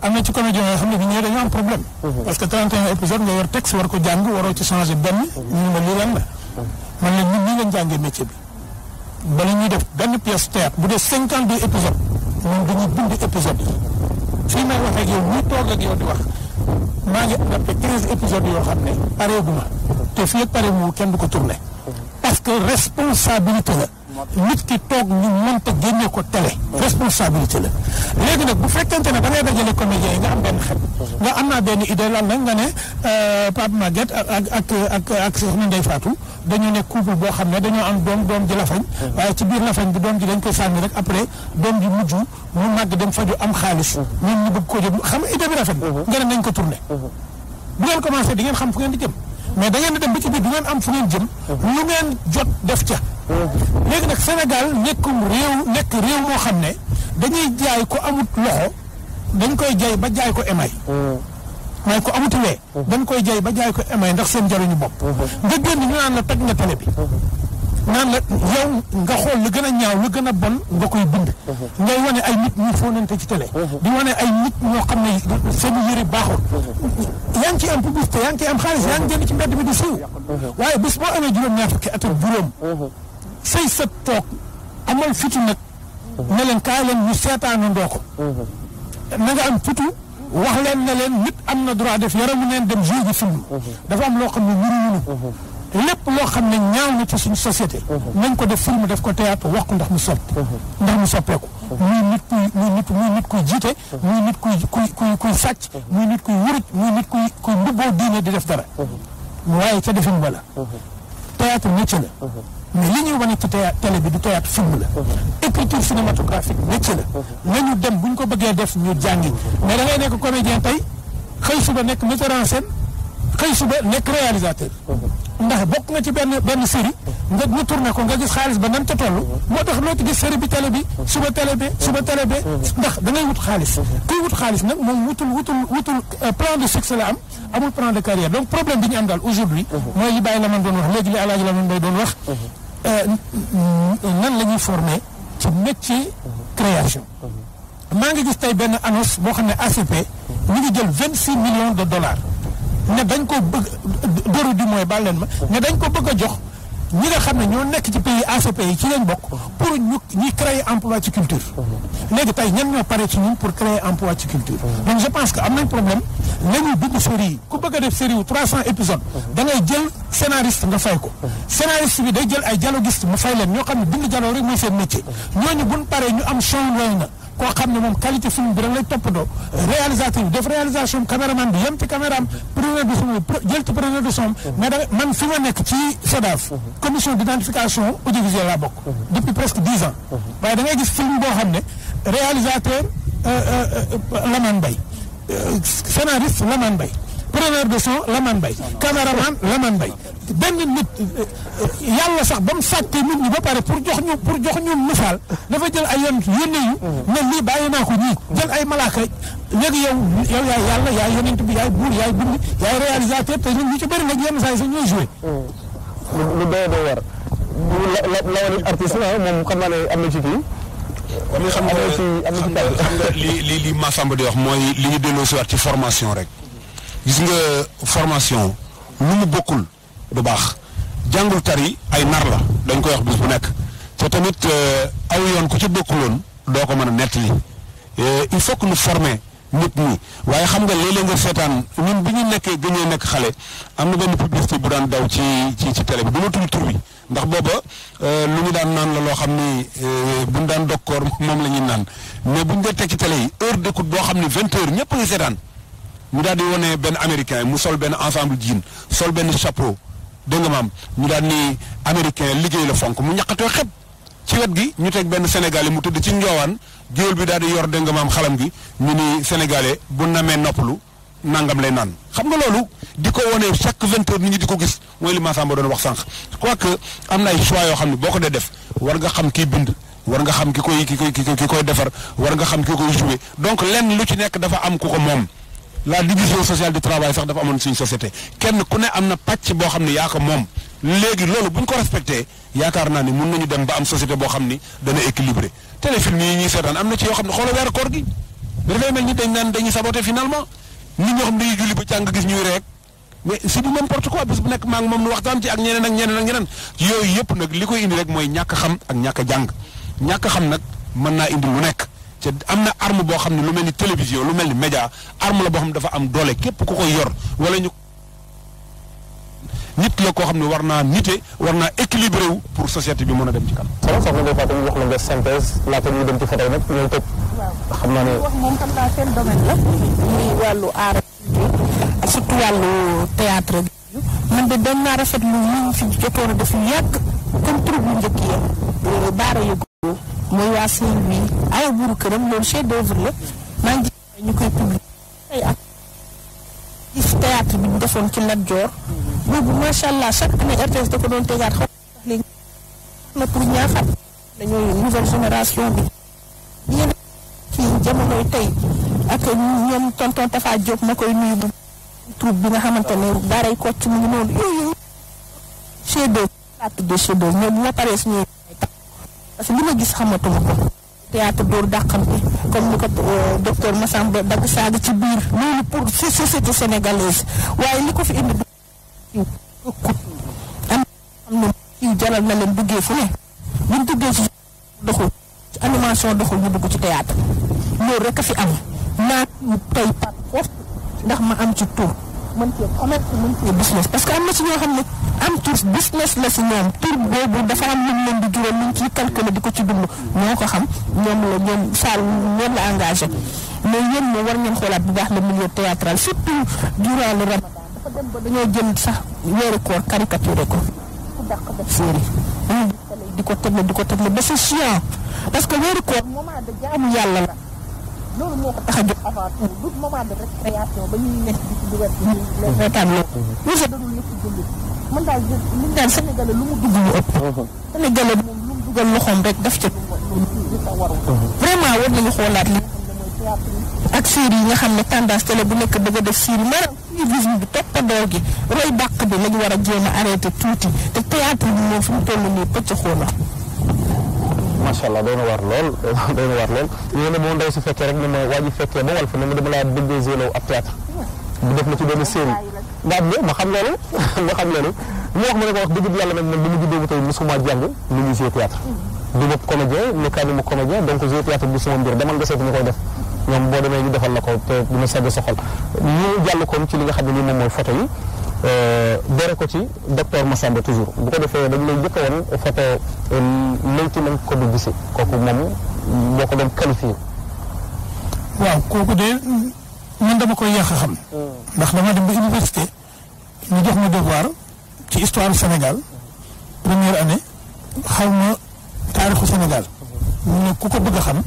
am na ci comédien yoo xam ne bi ñëwee dañoo nga yor texte war ko ñu ma lii lan la. man def benn pièce théâtre bu dee 52 épisode moom dañuy bind épisode yi. fii may wax ak yow di wax maa ngi adapté 15 épisodes yoo xam ne pareegu ma te fii ak pare mu kenn du ko tourné. parce que responsabilité la nit ki toog ñu mënta génne ko télé responsabilité la léegi nag bu fekkente ne da ngay dajale comédien yi nga am benn xel nga am naa benn idée lan la nga ne euh, Pape Maguette ak ak ak ak Soxna Ndeye dañu nekk couple boo xam ne dañoo am doom doom ji la waaye ci biir la bi doom ji dañ koy sànni rek après doom ji mujj mu màgg dem faju am xaalis ñun ñu bëgg ko jëm xam idée bi rafet mhm. nga ne nañ ko tourné mhm. bu ngeen commencé di ngeen xam fu ngeen di mais da di dem ba ci biir di ngeen am fu ngeen jëm. lu ngeen jot def ca. léegi nag Sénégal nekkum réew nekk réew moo xam ne dañuy jaay ko amut loxo dañ koy jaay ba jaay ko emay. waaye ko amutulee. dañ koy jaay ba jaay ko emay ndax seen njariñu bopp. nga génn ñu naan la toj nga télé bi. naan la yow nga xool lu gën a ñaaw lu gën a bon nga koy bind. Mhm. ngay wane ay nit ñu fóonante ci télé. Mhm. di wane ay nit ñoo xam ne seen yëre baaxul. Mhm. yaa ngi ciy am publicité yaa ngi ciy am xaalis yaa ngi génn ci mbedd mi di siiw. waaye bis boo amee juróom-ñaar fukki at ak juróom. say sët toog amal fitu nag. ne leen kaay leen ñu seetaanandoo na nga am fitu wax leen na leen nit am na droit def yaramu neen dem jouer ji dafa am loo xam ne wuru wuru. lépp loo xam ne ñaaw na ci suñu société. Mhm. nañ ko def film def ko théâtre wax ko ndax mu soppi. Mhm. ndax mu soppeeku. Mhm. muy nit kuy muy nit muy nit kuy jiite. muy nit kuy kuy kuy kuy muy nit kuy wuruj muy nit kuy kuy mbubboo diine di def dara. waaye ca defin ba la. théâtre métier la. mais li ñuy wane ci théâtre télé bi du théâtre film la. écriture cinématographique métier la. nañu dem bu ñu ko bëggee def ñu jàngi mais da ngay nekk comédien tey xëy suba nekk metteur en xëy suba nekk réalisateur. ndax bokk nga ci benn benn série nga mu tourné ko nga gis xaalis ba nan ca toll moo tax loo gis série bi télé bi suba télé bi suba télé bi ndax nga ngay wut xaalis kuy wut xaalis nag moom wutul wutul wutul euh, plan de succès la am amul plan de carrière donc problème bi ñu am daal aujourd'hui mooy li Baye Lamane doon wax léegi li Alaaji Lamane Mbaye doon wax euh, nan la ñuy formé ci métier création maa ngi gis tey benn annonce boo xam ne ACP ñu ngi jël vingt six millions de dollars ne dañ ko bëgg dóoru di mooy baal leen ma ne dañ ko bëgg a jox ñi nga xam ne ñoo nekk ci pays ACP yi ci lañ bokk pour ñu ñuy créer emploi ci culture léegi tey ñan ñoo pare ci ñun pour créer emploi ci culture donc je pense que am nañ problème nañu dugg série yi ku bëgg a def série yu trois cent épisodes da ngay jël scénariste nga fay ko scénariste bi day jël ay dialoguiste mu fay leen ñoo xam ne bind dialogue rek mooy seen métier ñooñu buñ pare ñu am show lay koo xam ne moom qualité film bi rek lay toppandoo réalisateur bi def réalisation caméraman bi yem ci caméraam preneur de son jël ci preneur de son mhm. mais da man fi ma nekk ci SODAV e mhm. commission d'identification audiovisuelle laa bokk mhm. depuis presque dix ans waaye da ngay gis film boo xam ne réalisateur euh, euh, euh, Lamane Mbaye scénariste Lamane Mbaye preneur de son Lamane Mbaye caméraman Lamane Mbaye benn nit yàlla sax ba mu sàkkee nit ñi ba pare pour jox ñu pour jox ñu misaal dafa jël ay yonent yónne yu ne lii bàyyi naa ko nii jël ay malaaka léegi yow yow yaay yàlla yaay yonent bi yaay buur yaay bind yaay réalisateur te ñun ñu ci bëri nag yenn saa yi sax ñooy joué lu doy doy war lawal artiste la moom xam naa am na ci fii li xam nga xam nga li li li Massamba di wax mooy li ñu delloo si ci formation rek gis nga formation lu mu bokkul du baax jàngul tari ay nar la dañ koy wax bis bu nekk te tamit euh, aw yoon ku ci bokkuloon doo ko mën a nettali euh, il faut que ñu former nit ñi waaye xam nga léeg-léeg nga seetaan ñun bi ñu nekkee gëñee nekk xale am na benn publicité bu daan daw ci ci ci télé bi du ma tudd tur bi ndax booba euh, lu ñu daan naan la loo xam ni bu ñu daan dokkoor moom la ñuy naan mais bu ñu dee teg ci télé yi heure d'écoute boo xam ni vingt heures ñëpp a ngi seetaan mu daal di wane benn américain mu sol benn ensemble jean sol benn chapeau. dégg nga maam ñu daan ni américain liggéey la fonk mu ñaqatoo xeb ci wet gi ñu teg benn sénégalais mu tëdd ci njoowaan géwél bi daal di yor dégg nga xalam gi ñu ni sénégalais bu namee noppalu nangam lay naan xam nga loolu di ko wone chaque vingt heures nit ñi di ko gis mooy li boo doon wax sànq quoique am na ay choix yoo xam ne boo ko dee def war nga xam kii bind war nga xam ki koy ki ki koy defar war nga xam ki koy joué donc lenn lu ci nekk dafa am ku ko moom la division sociale du travail sax dafa amoon suñu société kenn ku ne am na pàcc boo xam ne yaa ko moom léegi loolu bu ko respecté yaakaar naa ni mun nañu dem ba am société boo xam ni dana équilibré téléfilm yi ñuy seetaan am na ci yoo xam ne xoolal weer koor gi dafay mel ni dañ naan dañuy saboté finalement nit ñoo xam ne dañuy julli ba càng gis ñuy rek mais c'est du n'importe quoi bis bu nekk maa ngi moom nu waxtaan ci ak ñeneen ak ñeneen ak ñeneen yooyu yëpp li koy indi rek mooy ñàkk xam ak ñàkk jàng ñàkk xam nag mën naa indi lu nekk. te am na arme boo xam ne lu mel ni télévision lu mel ni média arme la boo xam ne dafa am doole képp ku koy yor wala ñu. nit la koo xam ne war naa nite war naa équilibré wu pour société bi mun a dem ci kanam. solo soxna Ndeye Fatou na laata ñuy dem ci fa tey nag xam naa ne wax moom xam naa seen domaine la. muy wàllu théâtre man de doon naa rafetlu ñu fi jotoon a yàgg comme njëkk yi baara yu mooy waa sëñ bi ay buuru këram loolu chef d'œuvre la maa ngi ñu koy publier ak gis théâtre bi ñu defoon ci Lat Joor boobu macha allah chaque année RTS da ko doon tegaat xaw na pour ñaaxat dañooy nouvelle bi jamonoy tey ak ñoom tonton Tafa Diop ma koy nuyu bu troupe bi nga xamante ne daaray Kocc mu ngi noonu yooyu chef d'œuvre de chef d'œuvre ñoom bu ma paree suñu parce que li ma gis xamatuma ko théâtre dóor dàqante comme ni ko euh, docteur Massamba dagg saaga ci biir loolu pour ci société sénégalaise waaye li ko fi indi du am na leen duggee fu ne buñ duggee ci doxul ci animation doxul ñu dugg ci théâtre loolu rek a fi am naat ñu tey par force ndax ma am ci tur parce que am na si ñoo xam ne am tur business la si ñoom tur boobu dafa am lu mu di jural lu ñu ciy di ko ci dund ñoo ko xam moom la ñoom Sall ñoom la engagé mais yéen ñoo war ngeen xoolaat bu baax le milieu théâtral surtout durant le ramadan dañoo jël sax weeru koor caricaturé ko série di ko tegle di ko tegle ba c'est chiant parce que weeru koor moment de jaamu yàlla la loolu moo ko tax a jóg avant tout ba nekk di ci man daal li daal sénégalais lu mu dugg lu ëpp sénégalais moom loxoom rek daf ca lu sa waru vraiment war nañu xoolaat li ne mooy théâtre yi ak série yi nga xam ne tendance télé bu nekk bëgg a def série maanaam télévision bi toppandoo gi roy bàq bi lañu war a jéem a arrêté tuuti te théâtre bi moom fi mu nii pëcc xoolal macha allah doon na waar lool doon na waar lool yéen ne moom ndaw si fekkee rek ne ma waa fekkee ba wal fa ne ma dama laa bëgg zélo ab théâtre bu def na ci benn série ndaat xam loolu ma xam loolu mu wax mu juddoo jàng lu ñuy jouer théâtre du ma comédien nekkaani ma comédien donc jouer théâtre bi sama mbir demal nga seeti ñu koy def ñoom boo demee ñu defal la ko te dina sedd soxal ñu jàll kon ci li nga xam ne nii moom mooy photo yi Euh, dore ko ci docteur Massamba toujours bu ko defee a woon photo euh, léegi nañ ko kooku waaw kooku de man dama koy yàq xam. Hmm. ndax dama dem ba université ñu jox ma devoir ci histoire Sénégal première année xaw ma taarixu Sénégal. mu ne ku ko bëgg xam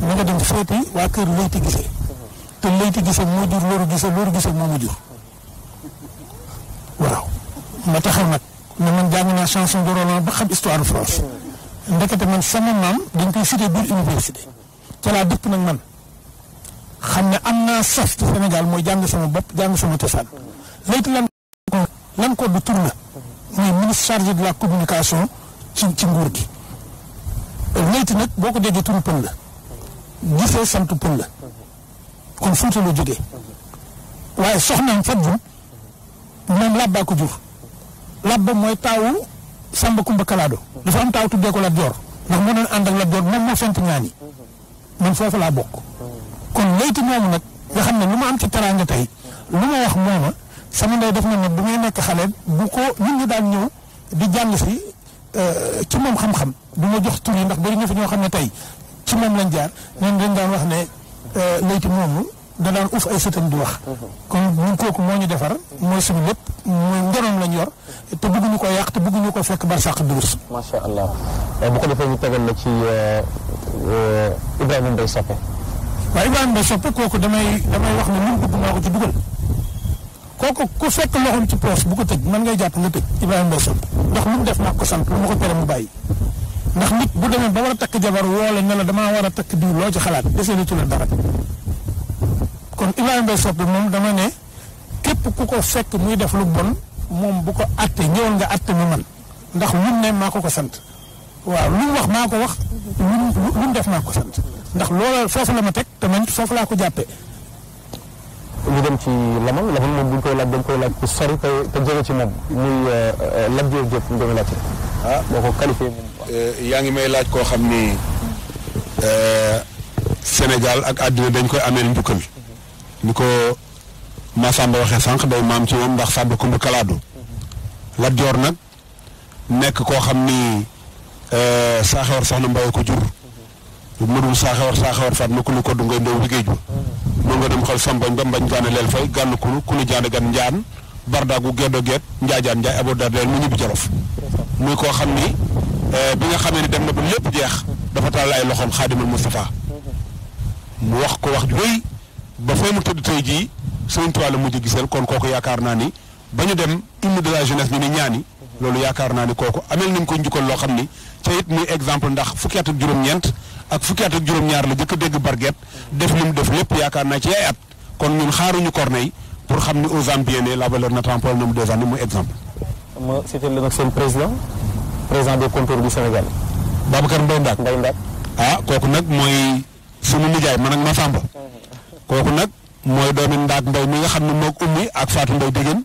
na nga dem seeti waa kër Leyti Gissé. Hmm. te Leyti Gissé moo jur Lóoru Gissé Lóoru Gissé moo ma jur. waaw ma taxaw nag ne man jàng naa chanson de Roland ba xam histoire de France ndekete man sama maam dañ koy cité biir université ca laa dëkk nag man xam ne am naa sas ci Sénégal mooy jàng sama bopp jàng sama cosaan léegi lan ko lan ko du tur la muy ministre chargé de la communication ci ci nguur gi léegi nag boo ko déggee turu pël la gisee sant pël la kon Fuuta la jógee waaye soxnaam Fatou moom labba ko jur labba mooy taawu Samba Kumba Kalaado dafa am taaw tuddee ko Lat Joor ndax moo doon ànd ak Lat Joor moom moo fent ñaan yi man foofu laa bokk kon layti moomu nag nga xam ne lu ma am ci teraanga tey lu ma wax mooma sama ndey def na ne bu may nekk xale bu ko nit ñi daan ñëw di jàng si euh, ci moom xam-xam du ma jox tur ndax bari na fi ñoo xam ne tey ci moom lañ jaar ñoom dañ daan wax ne euh, layti moomu da daan uf ay sëtam di wax. kon mu kooku moo ñu defar. mooy suñu lépp mooy ngënoom lañ yor. te bëgguñu ko yàq te bëgguñu ko fekk barsàq durus. macha allah eh, bu ko defee ñu tegal la ci euh, euh, Ibrahima Mbaye Sopé. waaw Ibrahima Mbaye Sopé kooku damay damay wax ne ci kooku ku fekk loxoom ci poos bu ko tëj man ngay jàpp nga tëj Ibrahima ndax lu mu def maa ko sant lu mu ko tere mu bàyyi. ndax nit bu demee ba war a takk jabar woole ne la damaa war a takk diw loo ci xalaat deseetu la dara. kon Ibrahima Mbaye Sopé moom dama ne képp ku ko fekk muy def lu bon moom bu ko atte ñëwal nga atte mu man ndax lu ne maa ko ko sant waaw lu mu wax maa ko wax lu mu def maa ko sant ndax loola foofu la ma teg te man foofu laa ko jàppee mu dem ci Lamane Lamane moom bu ñu koy laaj dañ koy laaj ku sori te te ci moom muy euh, euh, Lat Dior Diop ñu doon laajte ah boo ko qualifié moom. Euh, yaa ngi may laaj koo xam ni Sénégal ak àddina dañ koy ameel njukkal. bu ko Massamba waxee sànq day maam ci moom ndax Sàmba Kumba Kalaadu Lat Joor nag nekk koo xam ni euh, saaxewar soxna Mbaye ko jur mënul saaxewar saaxewar faat ma ku ko du ngay ndow liggéey ju moo nga dem xol sambañ ba mbañ jaane leel fay gànn kunu kunu jaane gan njaan bardaagu geddo geet njaajaan njaay abo dar mu ñibbi jolof muy koo xam ni euh, bi nga xamee ni dem na ba lépp jeex dafa tàllal ay loxoom xaadimal Moustapha mu wax ko wax ju rëy ba fee mu tëdd tey jii Sëriñ Tuubaa la mujj gisal kon kooku yaakaar naa ni ba ñu dem hymne de la jeunesse ñu ne ñaani loolu yaakaar naa ni kooku amel nañ ko njukkal loo xam ni te it muy exemple ndax fukki at ak juróom-ñeent ak fukki at ak juróom-ñaar la jëkk dégg barget def li mu def lépp yaakaar naa ci ay at kon ñun xaaruñu Corneille pour xam ni aux ambiennes la valeur na temporelle mu des années muy exemple. ma cité leen ak seen président kooku nag mooy doomi ndaat mbay mi nga xam ne moog ummi ak Fatou Mbaye Dégén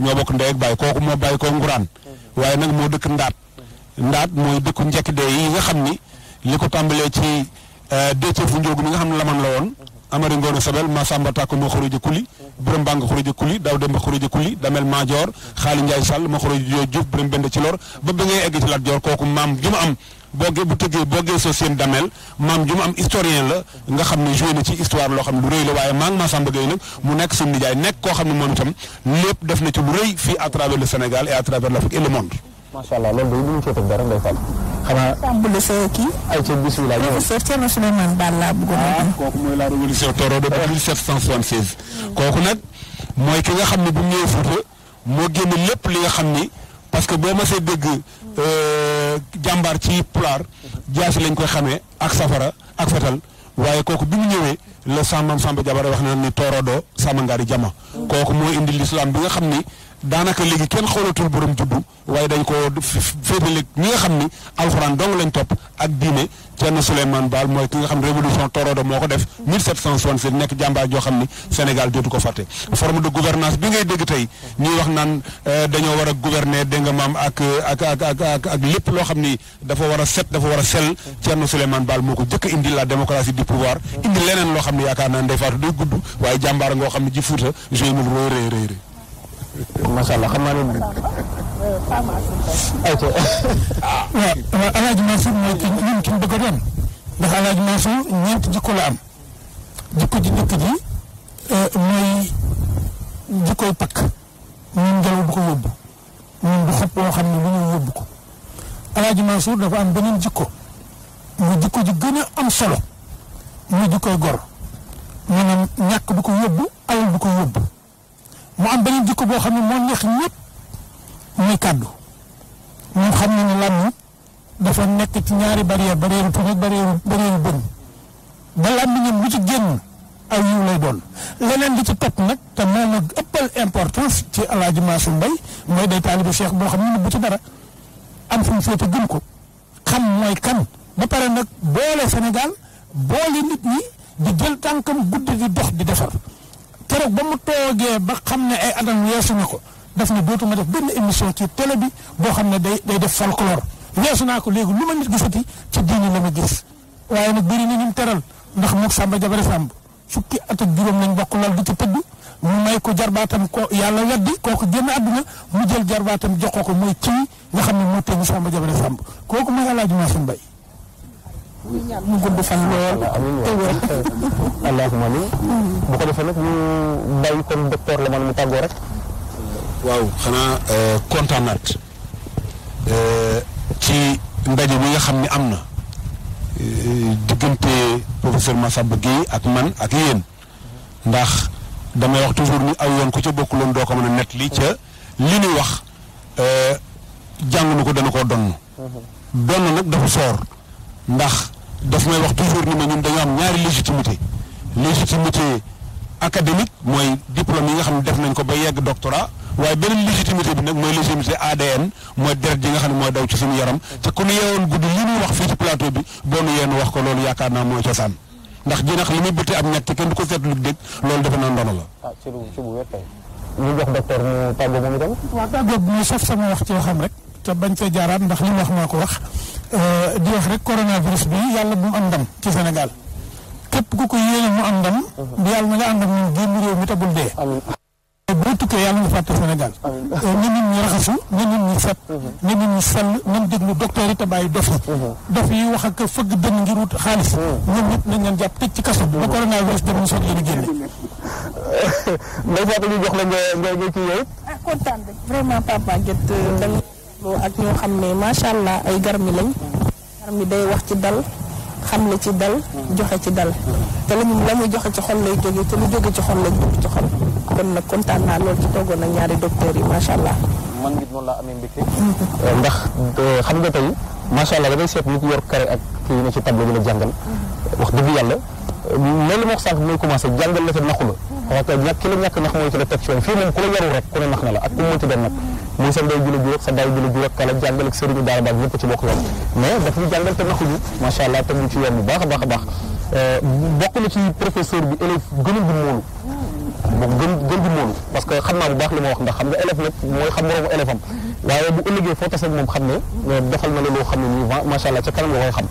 ñoo bokk ndey ak baay kooku moo bàyyi ko nguraan mhm. waaye nag moo dëkk ndaat mhm. ndaat mooy dëkku njëkk dee yi nga xam ni li ko tàmbalee ci euh, décee fu njóogu mi nga xam ne laman la woon mhm. amari ngoone sobel masamba tàkko ma xuruja kuli biram bang xuruja kuli daw demba xuruja kuli damel maajoor xaali njaay sàll ma xuruja jooy juuf biram bend ci lor ba bi ngay egg ci lat kooku maam ju ma boogee bu tëggee boogee société maam ju mu am historien la nga xam ne joué na ci histoire loo xam ne lu rëy la waaye maa ngi Massamba Gueye nag mu nekk suñu nijaay nekk koo xam ne moom itam lépp def na ci lu rëy fii à travers le Sénégal et et le monde. macha ah, mooy la ki nga xam ne bu ñëwee Fuuta moo génn lépp li nga xam ni parce que boo ma see dégg Euh, jàmbaar ci pulaar jaasi lañ koy xamee ak safara ak fetal waaye kooku bi mu ñëwee le sama maam Samba Jabare kooku moo indi lislaam bi nga xam ni daanaka léegi kenn xoolatul borom juddu waaye dañ ko féetale ñi nga xam ni alxuraan dong lañ topp ak diine Thierno Souleymane Baal mooy ki nga xam ne révolution torodo moo ko def 1767 nekk jàmbaar joo xam ni Sénégal dootu ko fàtte forme de gouvernance bi ngay dégg tey ñuy wax naan euh, dañoo war a gouverner dégg nga maam ak lépp loo xam ni dafa war a set dafa w a sell Thierno Souleymane Baal moo xam yaakaar naa Ndeye Fatou day gudd waaye jàmbaar ngoo xam ne ji Fuuta joué na lu rëy rëy rëy. xam naa ne. ayca. waaw waaw El Hadj Mansour mooy ki a doon ndax El ñeent jikko la am jikko ji njëkk ji euh, mooy jikkoy pakk ñun ngelaw bu ko yóbbu ñun du xob xam ne lu ñuy yóbbu ko El Hadj Mansour dafa am beneen jikko mu jikko ji gën am solo mu jikkoy gor. ñu ne ñàkk bu ko yóbbu alal bu ko yóbbu mu am beneen jikko boo xam ne moo neex ñëpp muy kàddu ñun xam na ne làmmiñ dafa nekk ci ñaari barrière barrière pour ak barrière barrière bëñ ba làmmiñam lu ci génn ay yiw leneen li ci topp nag te moom nag ci alaaji Maasu Mbay mooy day taalibu cheikh boo xam ne bu ci dara am fu mu ko xam mooy kan ba nag boole Sénégal boole nit ñi di jël tànkam guddi di dox di defar keroog ba mu toogee ba xam ne ay adam weesu na ko daf ne dootuma def benn émission ci télé bi boo xam ne day day def folklore weesu naa ko léegi lu ma nit gisati ci diini la mu gis waaye nag bëri na ni mu teral ndax moog Samba Jabare Samb fukki at ak juróom nañ bokk lal di ci tëdd mu may ko jarbaatam ko yàlla weddi kooku génn àdduna mu jël jarbaatam jox ko ko mooy ci nga xam ne moo teñu Samba Jabare Samb kooku mooy El Hadj Mansour Mbaye ñu ñaan mu mm. ko defee nag ñu bàyyi kon docteur la man mu tàggoo rek waaw xanaa euh, kontaanaat euh, ci ndaje bi nga xam ni am na euh, diggante professeur Massamba Guèye ak man ak yéen ndax damay wax toujours ni aw yoon ku ca bokkuloon doo ko mën a nett lii ca li nu wax jàng ko dana koo donn mm-hmm. donn nag dafa soor ndax daf may wax toujours ni ma ñun dañoo am ñaari légitimité légitimité académique mooy diplôme yi nga xam ne def nañ ko ba yegg doctorat waaye beneen légitimité bi nag mooy légitimité ADN mooy deret ji nga xam ne mooy daw ci suñu yaram te ku nu yeewoon guddi li ñuy wax fii ci plateau bi boo nu yeen wax ko loolu yaakaar naa mooy cosaan ndax jinax li muy bëtte am ñett kenn du ko seetlu dégg loolu defe naa ndono la. ah ci lu ci bu wér kay. ñu jox docteur te bañ ca jaaraat ndax li wax maa ko wax euh, di wax rek coronavirus bi yàlla bu mu am ndam ci Sénégal képp ku ko yéene mu am ndam. Mhm. yàlla na nga ànd ak ñun génn réew mi te bul dee. boo tukkee yàlla nga fàtte Sénégal. Euh, na nit yi te bàyyi dof yi. Mhm. dof yi wax ak fëgg dënn ngir wut xaalis. Mhm. ñoom ñëpp jàpp tëj ci kaso ba coronavirus dem ñu soog leen a génne. Ndeye la nga yooyu. ah kontaan vraiment papa euh, ak ñoo xam ne macha allah ay garmi lañ garmi day wax ci dal xam la ci dal joxe ci dal te la ñu la muy joxe ci xol lay jóge te lu jóge ci xol lay jóge ci kon nag kontaan naa lool ci toogoon ak ñaari docteurs yi macha allah. man ngi noonu laa amee mbégte. Mm-hmm. Eh, ndax eh, xam nga tey macha allah damay seet ñu ko yor kare ak kii na ci tableau bi la jàngal. Mm-hmm. wax dëgg yàlla eh, loolu moo sax muy commencé jàngal la te naxu la. waaw mm-hmm. kay ñàkk ki la ñàkk nax mooy ci la teg ci woon fii moom ku la yarul rek ku ne nax na la ak ku mënti doon nag. muy sa ndey jula juróog sa daay jula juróog kala jàngal ak sëriñu daara baag ñëpp ci bokk yoon mais daf ñu jàngal te naxuñu macha allah te mu ci yoon bu baax a baax a baax euh, bokk na ci professeur bi élève gënal di moolu bu gën gën di parce que xam naa bu baax li ma wax nga xam moroomu élève am waaye bu ëllëgee foo tasee moom xam ne euh, defal na la loo xam ne nii macha allah ca kanam nga koy xam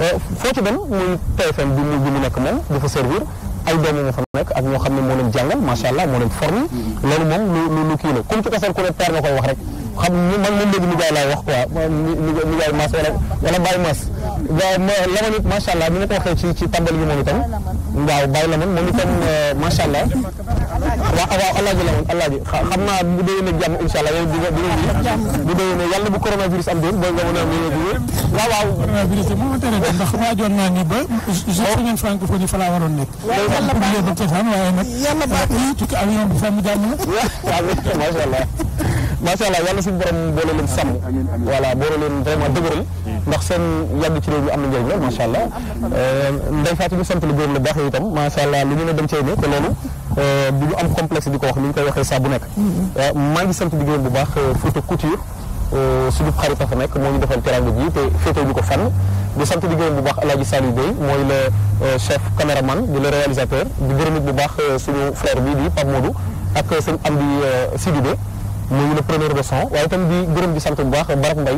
euh, foo ci dem muy TFM bi mu nekk moom dafa servir ay doomu moo fa nekk ak ñoo xam ne moo leen jàngal macha allah moo leen formé loolu moom lu lu kii la comme ci kasar ku ne wax rek man moom léegi nijaay laay wax quoi nijaay mas wala wala mas waaw laman it macha allah ni ma ko waxee ci ci tàmbali bi moom itam waaw laman moom itam euh, macha waaw waaw alaaji la woon alaaji xam naa bu déwénee jàmm incha allah yow di nga di nga bu déwénee yàlla bu coronavirus am déet booy nga mën a am yéen a waaw waaw coronavirus bi moom tere ndax waajoon naa ni ba semaine francophonie fa laa waroon nekk ba cosaan waaye nag yàlla baax na tukki avion bi sàmm jàmm la waaw macha allah macha allah yàlla suñu borom boole leen sàmm voilà boole leen vraiment dëgëral ndax seen yàgg ci réew mi am na njëriñ la macha allah euh, Ndeye Fatou ñu sant la gërëm la baax yow itam macha allah lu ñu ne dem cay ne te loolu Euh, bu ñu am complexe di ko wax ni ñu koy waxee saa bu nekk. Mm-hmm. Euh, maa ngi sant di gërëm bu baax Fouta euh, Couture suñu xarit dafa nekk moo ñu defal teranga ji te féetee ñu ko fan di sant di gërëm bu baax El Hadj Saliou Bey mooy le chef caméraman di le réalisateur di gërëm bu baax suñu frère bii di Pape Modou ak sëñ Amdi Sidibé mooy le preneur de son waaye itam di gërëm di sant bu baax Barab Mbay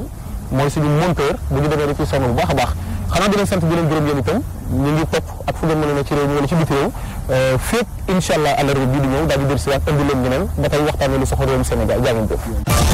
mooy suñu monteur bu ñu demee ci sonn bu baax a baax xanaa di leen sant di leen gërëm yéen itam Euh, fépp incha allah àllarba bii di ñëw daal di dellusiwaat indi leen beneen ba tey waxtaanee lu soxal réewum Sénégal jaa ngeen jëf